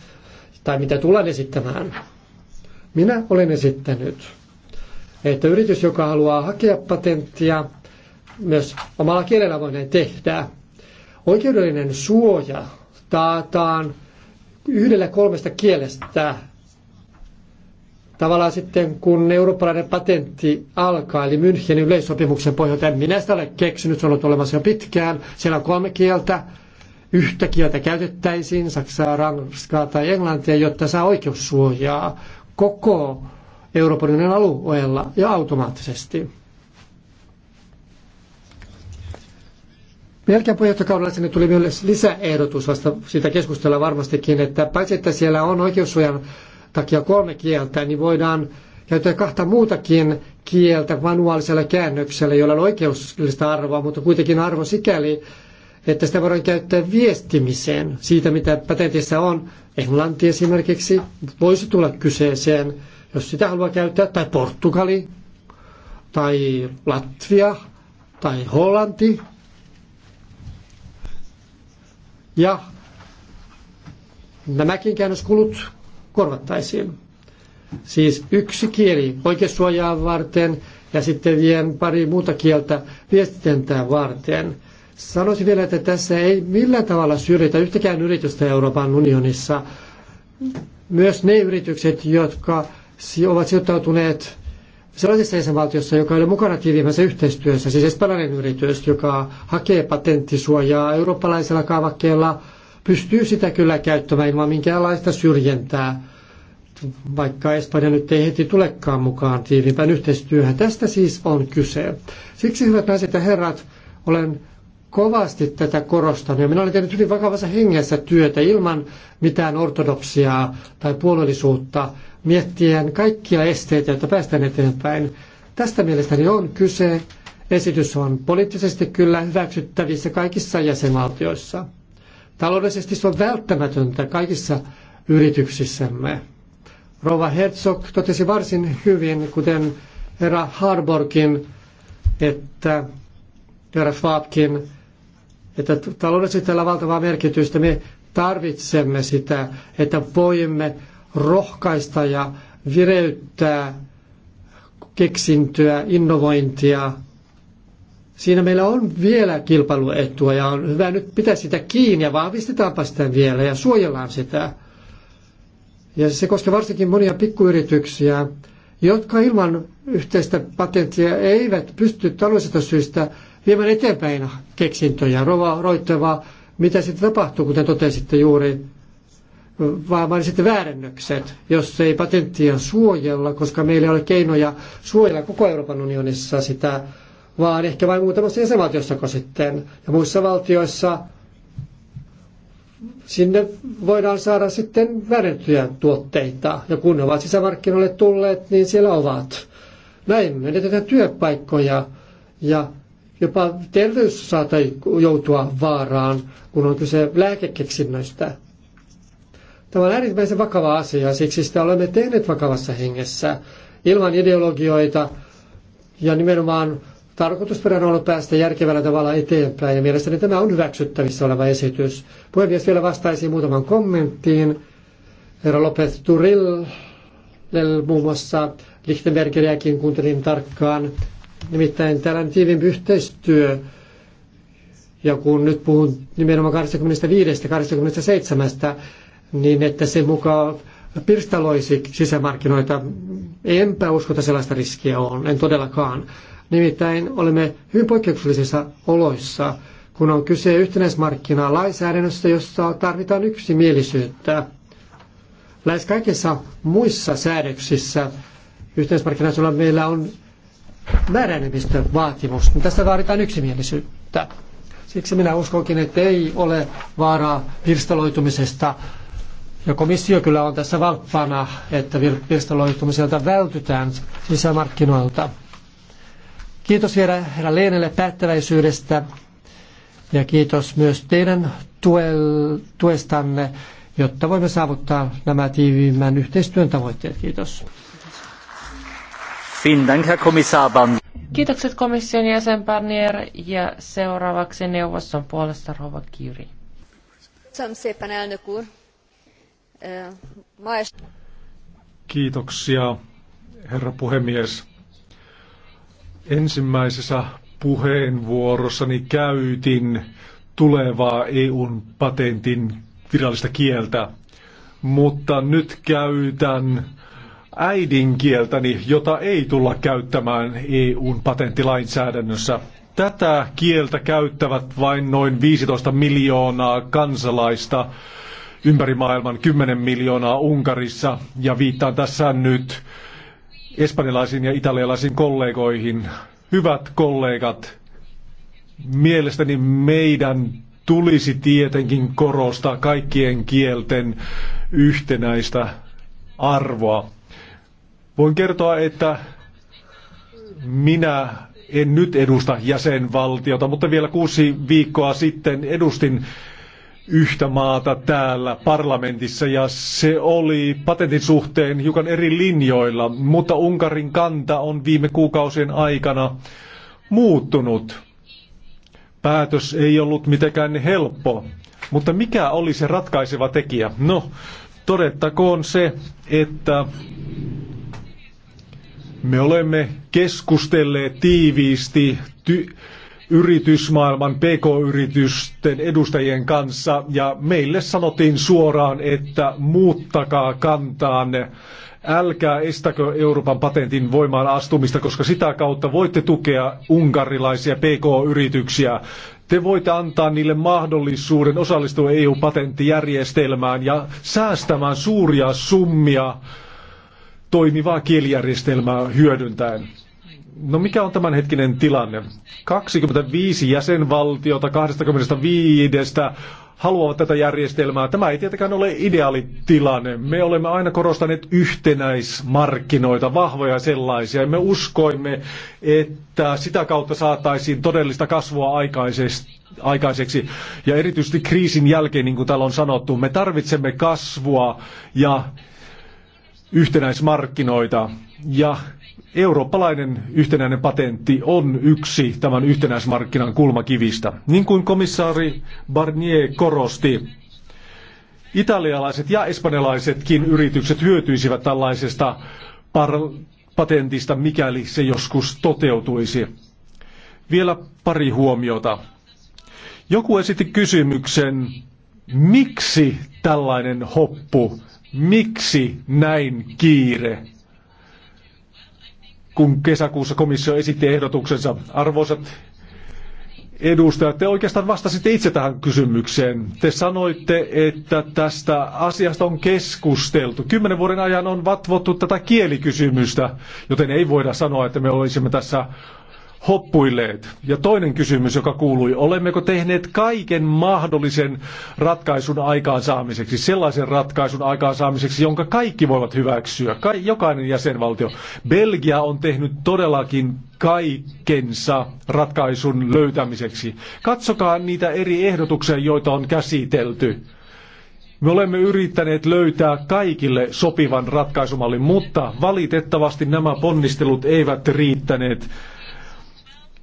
tai mitä tulen esittämään. Minä olen esittänyt, että yritys, joka haluaa hakea patenttia, myös omalla kielellä voi näin tehdä. Oikeudellinen suoja taataan yhdellä kolmesta kielestä tavallaan sitten kun eurooppalainen patentti alkaa, eli Münchenin yleissopimuksen pohjalta, en minä sitä ole keksinyt, se on ollut olemassa jo pitkään, siellä on kolme kieltä, yhtä kieltä käytettäisiin, saksaa, ranskaa tai englantia, jotta saa oikeussuojaa koko Euroopan unionin alueella ja automaattisesti. Melkein puheenjohtokaudella sinne tuli myös lisäehdotus, vasta siitä keskustellaan varmastikin, että paitsi että siellä on oikeussuojan takia kolme kieltä, niin voidaan käyttää kahta muutakin kieltä manuaalisella käännöksellä, jolla on oikeudellista arvoa, mutta kuitenkin arvo sikäli, että sitä voidaan käyttää viestimiseen siitä, mitä patentissa on. Englanti esimerkiksi voisi tulla kyseeseen, jos sitä haluaa käyttää, tai Portugali, tai Latvia, tai Hollanti. Ja nämäkin käännöskulut korvattaisiin. Siis yksi kieli oikeussuojaa varten ja sitten vien pari muuta kieltä viestintää varten. Sanoisin vielä, että tässä ei millään tavalla syrjitä yhtäkään yritystä Euroopan unionissa. Myös ne yritykset, jotka ovat sijoittautuneet sellaisessa jäsenvaltiossa, joka oli mukana tiiviimmässä yhteistyössä, siis espanjalainen yritys, joka hakee patenttisuojaa eurooppalaisella kaavakkeella, pystyy sitä kyllä käyttämään ilman minkäänlaista syrjintää, vaikka Espanja nyt ei heti tulekaan mukaan tiivimpään yhteistyöhön. Tästä siis on kyse. Siksi, hyvät naiset ja herrat, olen kovasti tätä korostanut. Ja minä olen tehnyt hyvin vakavassa hengessä työtä ilman mitään ortodoksiaa tai puolellisuutta, miettien kaikkia esteitä, joita päästään eteenpäin. Tästä mielestäni on kyse. Esitys on poliittisesti kyllä hyväksyttävissä kaikissa jäsenvaltioissa. Taloudellisesti se on välttämätöntä kaikissa yrityksissämme. Rova Herzog totesi varsin hyvin, kuten herra Harborkin, että herra Schwabkin, että taloudellisesti tällä valtavaa merkitystä. Me tarvitsemme sitä, että voimme rohkaista ja vireyttää keksintöä, innovointia, Siinä meillä on vielä kilpailuetua ja on hyvä nyt pitää sitä kiinni ja vahvistetaanpa sitä vielä ja suojellaan sitä. Ja se koskee varsinkin monia pikkuyrityksiä, jotka ilman yhteistä patenttia eivät pysty taloudellisesta syystä viemään eteenpäin keksintöjä, rova, roittavaa, mitä sitten tapahtuu, kuten totesitte juuri, vaan sitten väärennökset, jos ei patenttia suojella, koska meillä ei ole keinoja suojella koko Euroopan unionissa sitä vaan ehkä vain muutamassa jäsenvaltiossako sitten. Ja muissa valtioissa sinne voidaan saada sitten väärentyjä tuotteita. Ja kun ne ovat sisämarkkinoille tulleet, niin siellä ovat. Näin menetetään työpaikkoja ja jopa terveys saattaa joutua vaaraan, kun on kyse lääkekeksinnöistä. Tämä on äärimmäisen vakava asia, siksi sitä olemme tehneet vakavassa hengessä, ilman ideologioita ja nimenomaan Tarkoitusperän on ollut päästä järkevällä tavalla eteenpäin ja mielestäni tämä on hyväksyttävissä oleva esitys. Puhemies vielä vastaisi muutaman kommenttiin. Herra Lopez Turil, muun muassa Lichtenbergeriäkin kuuntelin tarkkaan. Nimittäin tällainen tiivimpi yhteistyö, ja kun nyt puhun nimenomaan 25-27, niin että se mukaan pirstaloisi sisämarkkinoita. Enpä usko, että sellaista riskiä on, en todellakaan. Nimittäin olemme hyvin poikkeuksellisissa oloissa, kun on kyse yhtenäismarkkinaa lainsäädännössä, jossa tarvitaan yksimielisyyttä. Lähes kaikissa muissa säädöksissä yhteismarkkinaisuudella meillä on määräenemmistövaatimus, niin tästä vaaditaan yksimielisyyttä. Siksi minä uskonkin, että ei ole vaaraa virstaloitumisesta. Ja komissio kyllä on tässä valppana, että virstaloitumiselta vältytään sisämarkkinoilta. Kiitos vielä herra Leenelle päättäväisyydestä ja kiitos myös teidän tuestanne, jotta voimme saavuttaa nämä tiiviimmän yhteistyön tavoitteet. Kiitos. Kiitokset komission jäsen Barnier ja seuraavaksi neuvoston puolesta Rova Kiri. Kiitoksia, herra puhemies. Ensimmäisessä puheenvuorossani käytin tulevaa EUn patentin virallista kieltä, mutta nyt käytän äidinkieltäni, jota ei tulla käyttämään EUn patenttilainsäädännössä. Tätä kieltä käyttävät vain noin 15 miljoonaa kansalaista ympäri maailman, 10 miljoonaa Unkarissa ja viittaan tässä nyt espanjalaisiin ja italialaisiin kollegoihin. Hyvät kollegat, mielestäni meidän tulisi tietenkin korostaa kaikkien kielten yhtenäistä arvoa. Voin kertoa, että minä en nyt edusta jäsenvaltiota, mutta vielä kuusi viikkoa sitten edustin yhtä maata täällä parlamentissa ja se oli patentin suhteen hiukan eri linjoilla, mutta Unkarin kanta on viime kuukausien aikana muuttunut. Päätös ei ollut mitenkään helppo, mutta mikä oli se ratkaiseva tekijä? No, todettakoon se, että me olemme keskustelleet tiiviisti ty- yritysmaailman pk-yritysten edustajien kanssa ja meille sanottiin suoraan, että muuttakaa kantaanne. Älkää estäkö Euroopan patentin voimaan astumista, koska sitä kautta voitte tukea unkarilaisia pk-yrityksiä. Te voitte antaa niille mahdollisuuden osallistua EU-patenttijärjestelmään ja säästämään suuria summia toimivaa kielijärjestelmää hyödyntäen. No mikä on tämän hetkinen tilanne? 25 jäsenvaltiota 25 haluavat tätä järjestelmää. Tämä ei tietenkään ole ideaali tilanne. Me olemme aina korostaneet yhtenäismarkkinoita, vahvoja sellaisia. Me uskoimme, että sitä kautta saataisiin todellista kasvua aikaiseksi. Ja erityisesti kriisin jälkeen, niin kuin täällä on sanottu, me tarvitsemme kasvua ja yhtenäismarkkinoita. Ja Eurooppalainen yhtenäinen patentti on yksi tämän yhtenäismarkkinan kulmakivistä. Niin kuin komissaari Barnier korosti, italialaiset ja espanjalaisetkin yritykset hyötyisivät tällaisesta patentista, mikäli se joskus toteutuisi. Vielä pari huomiota. Joku esitti kysymyksen, miksi tällainen hoppu, miksi näin kiire? kun kesäkuussa komissio esitti ehdotuksensa. Arvoisat edustajat, te oikeastaan vastasitte itse tähän kysymykseen. Te sanoitte, että tästä asiasta on keskusteltu. Kymmenen vuoden ajan on vatvottu tätä kielikysymystä, joten ei voida sanoa, että me olisimme tässä hoppuilleet. Ja toinen kysymys, joka kuului, olemmeko tehneet kaiken mahdollisen ratkaisun aikaansaamiseksi, sellaisen ratkaisun aikaansaamiseksi, jonka kaikki voivat hyväksyä, ka- jokainen jäsenvaltio. Belgia on tehnyt todellakin kaikkensa ratkaisun löytämiseksi. Katsokaa niitä eri ehdotuksia, joita on käsitelty. Me olemme yrittäneet löytää kaikille sopivan ratkaisumallin, mutta valitettavasti nämä ponnistelut eivät riittäneet.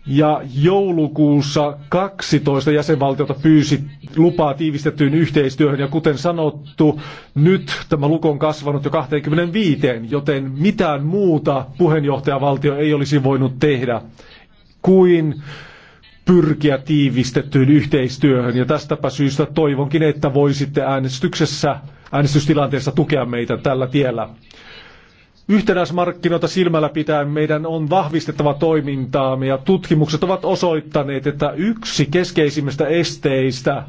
Ja joulukuussa 12 jäsenvaltiota pyysi lupaa tiivistettyyn yhteistyöhön. Ja kuten sanottu, nyt tämä luku on kasvanut jo 25, joten mitään muuta puheenjohtajavaltio ei olisi voinut tehdä kuin pyrkiä tiivistettyyn yhteistyöhön. Ja tästäpä syystä toivonkin, että voisitte äänestyksessä, äänestystilanteessa tukea meitä tällä tiellä. Yhtenäismarkkinoita silmällä pitäen meidän on vahvistettava toimintaamme ja tutkimukset ovat osoittaneet, että yksi keskeisimmistä esteistä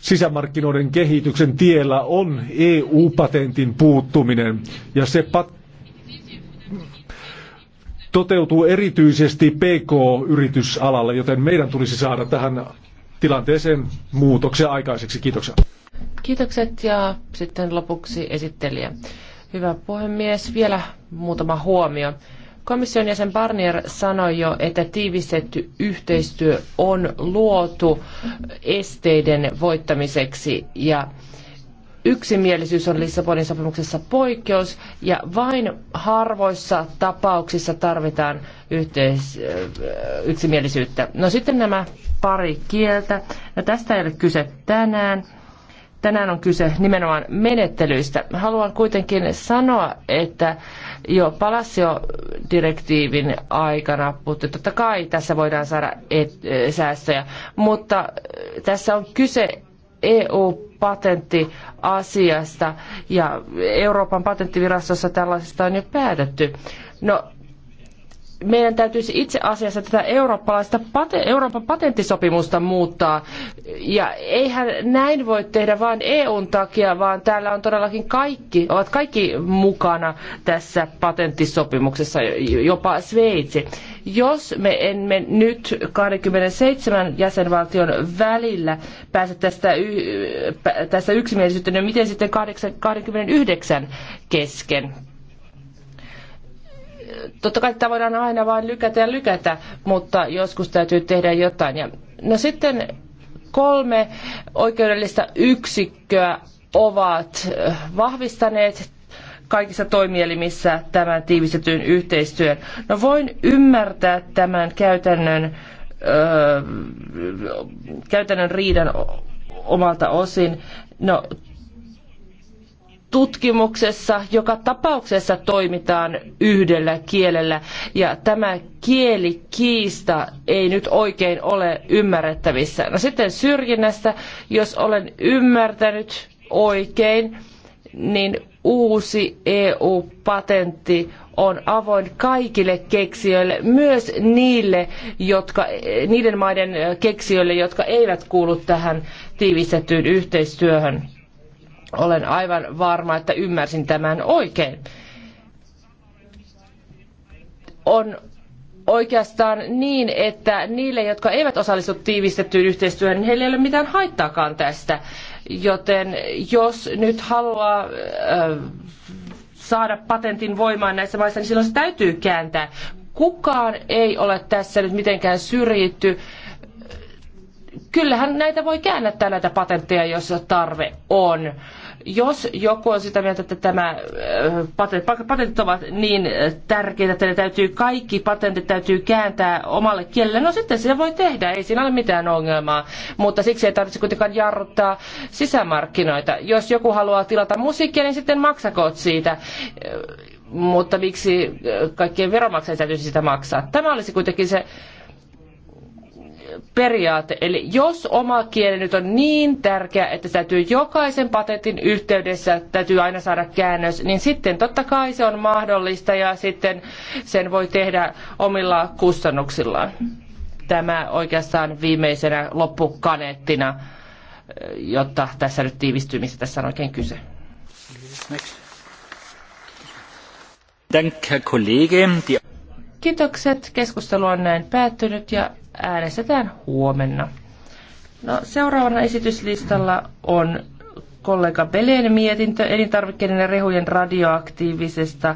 sisämarkkinoiden kehityksen tiellä on EU-patentin puuttuminen ja se pat- toteutuu erityisesti PK-yritysalalle, joten meidän tulisi saada tähän tilanteeseen muutoksia aikaiseksi. Kiitoksia. Kiitokset ja sitten lopuksi esittelijä. Hyvä puhemies. Vielä muutama huomio. Komission jäsen Barnier sanoi jo, että tiivistetty yhteistyö on luotu esteiden voittamiseksi ja yksimielisyys on Lissabonin sopimuksessa poikkeus ja vain harvoissa tapauksissa tarvitaan yhteis, äh, yksimielisyyttä. No sitten nämä pari kieltä. No tästä ei ole kyse tänään Tänään on kyse nimenomaan menettelyistä. Haluan kuitenkin sanoa, että jo Palacio-direktiivin aikana, mutta totta kai tässä voidaan saada et, äh, säästöjä, mutta äh, tässä on kyse EU-patenttiasiasta ja Euroopan patenttivirastossa tällaisesta on jo päätetty. No, meidän täytyisi itse asiassa tätä eurooppalaista Euroopan patenttisopimusta muuttaa. Ja eihän näin voi tehdä vain EUn takia, vaan täällä on todellakin kaikki, ovat kaikki mukana tässä patenttisopimuksessa, jopa Sveitsi. Jos me emme nyt 27 jäsenvaltion välillä pääse tästä, y- tästä yksimielisyyttä, niin miten sitten 8, 29 kesken? totta kai tätä voidaan aina vain lykätä ja lykätä, mutta joskus täytyy tehdä jotain. Ja, no sitten kolme oikeudellista yksikköä ovat äh, vahvistaneet kaikissa toimielimissä tämän tiivistetyn yhteistyön. No voin ymmärtää tämän käytännön, öö, käytännön riidan omalta osin. No tutkimuksessa joka tapauksessa toimitaan yhdellä kielellä ja tämä kielikiista ei nyt oikein ole ymmärrettävissä. No sitten syrjinnästä, jos olen ymmärtänyt oikein, niin uusi EU-patentti on avoin kaikille keksijöille, myös niille, jotka, niiden maiden keksijöille, jotka eivät kuulu tähän tiivistettyyn yhteistyöhön. Olen aivan varma, että ymmärsin tämän oikein. On oikeastaan niin, että niille, jotka eivät osallistu tiivistettyyn yhteistyöhön, niin heillä ei ole mitään haittaakaan tästä. Joten jos nyt haluaa äh, saada patentin voimaan näissä maissa, niin silloin se täytyy kääntää. Kukaan ei ole tässä nyt mitenkään syrjitty. Kyllähän näitä voi käännättää näitä patentteja, jos tarve on. Jos joku on sitä mieltä, että tämä patentit ovat niin tärkeitä, että ne täytyy, kaikki patentit täytyy kääntää omalle kielelle, no sitten se voi tehdä, ei siinä ole mitään ongelmaa. Mutta siksi ei tarvitse kuitenkaan jarruttaa sisämarkkinoita. Jos joku haluaa tilata musiikkia, niin sitten maksakoot siitä mutta miksi kaikkien veronmaksajien täytyisi sitä maksaa? Tämä olisi kuitenkin se periaate. Eli jos oma kieli nyt on niin tärkeä, että täytyy jokaisen patentin yhteydessä täytyy aina saada käännös, niin sitten totta kai se on mahdollista ja sitten sen voi tehdä omilla kustannuksillaan. Tämä oikeastaan viimeisenä loppukaneettina, jotta tässä nyt tiivistyy, mistä tässä on oikein kyse. Kiitokset. Keskustelu on näin päättynyt ja äänestetään huomenna. No, seuraavana esityslistalla on kollega Belen mietintö elintarvikkeiden ja rehujen radioaktiivisesta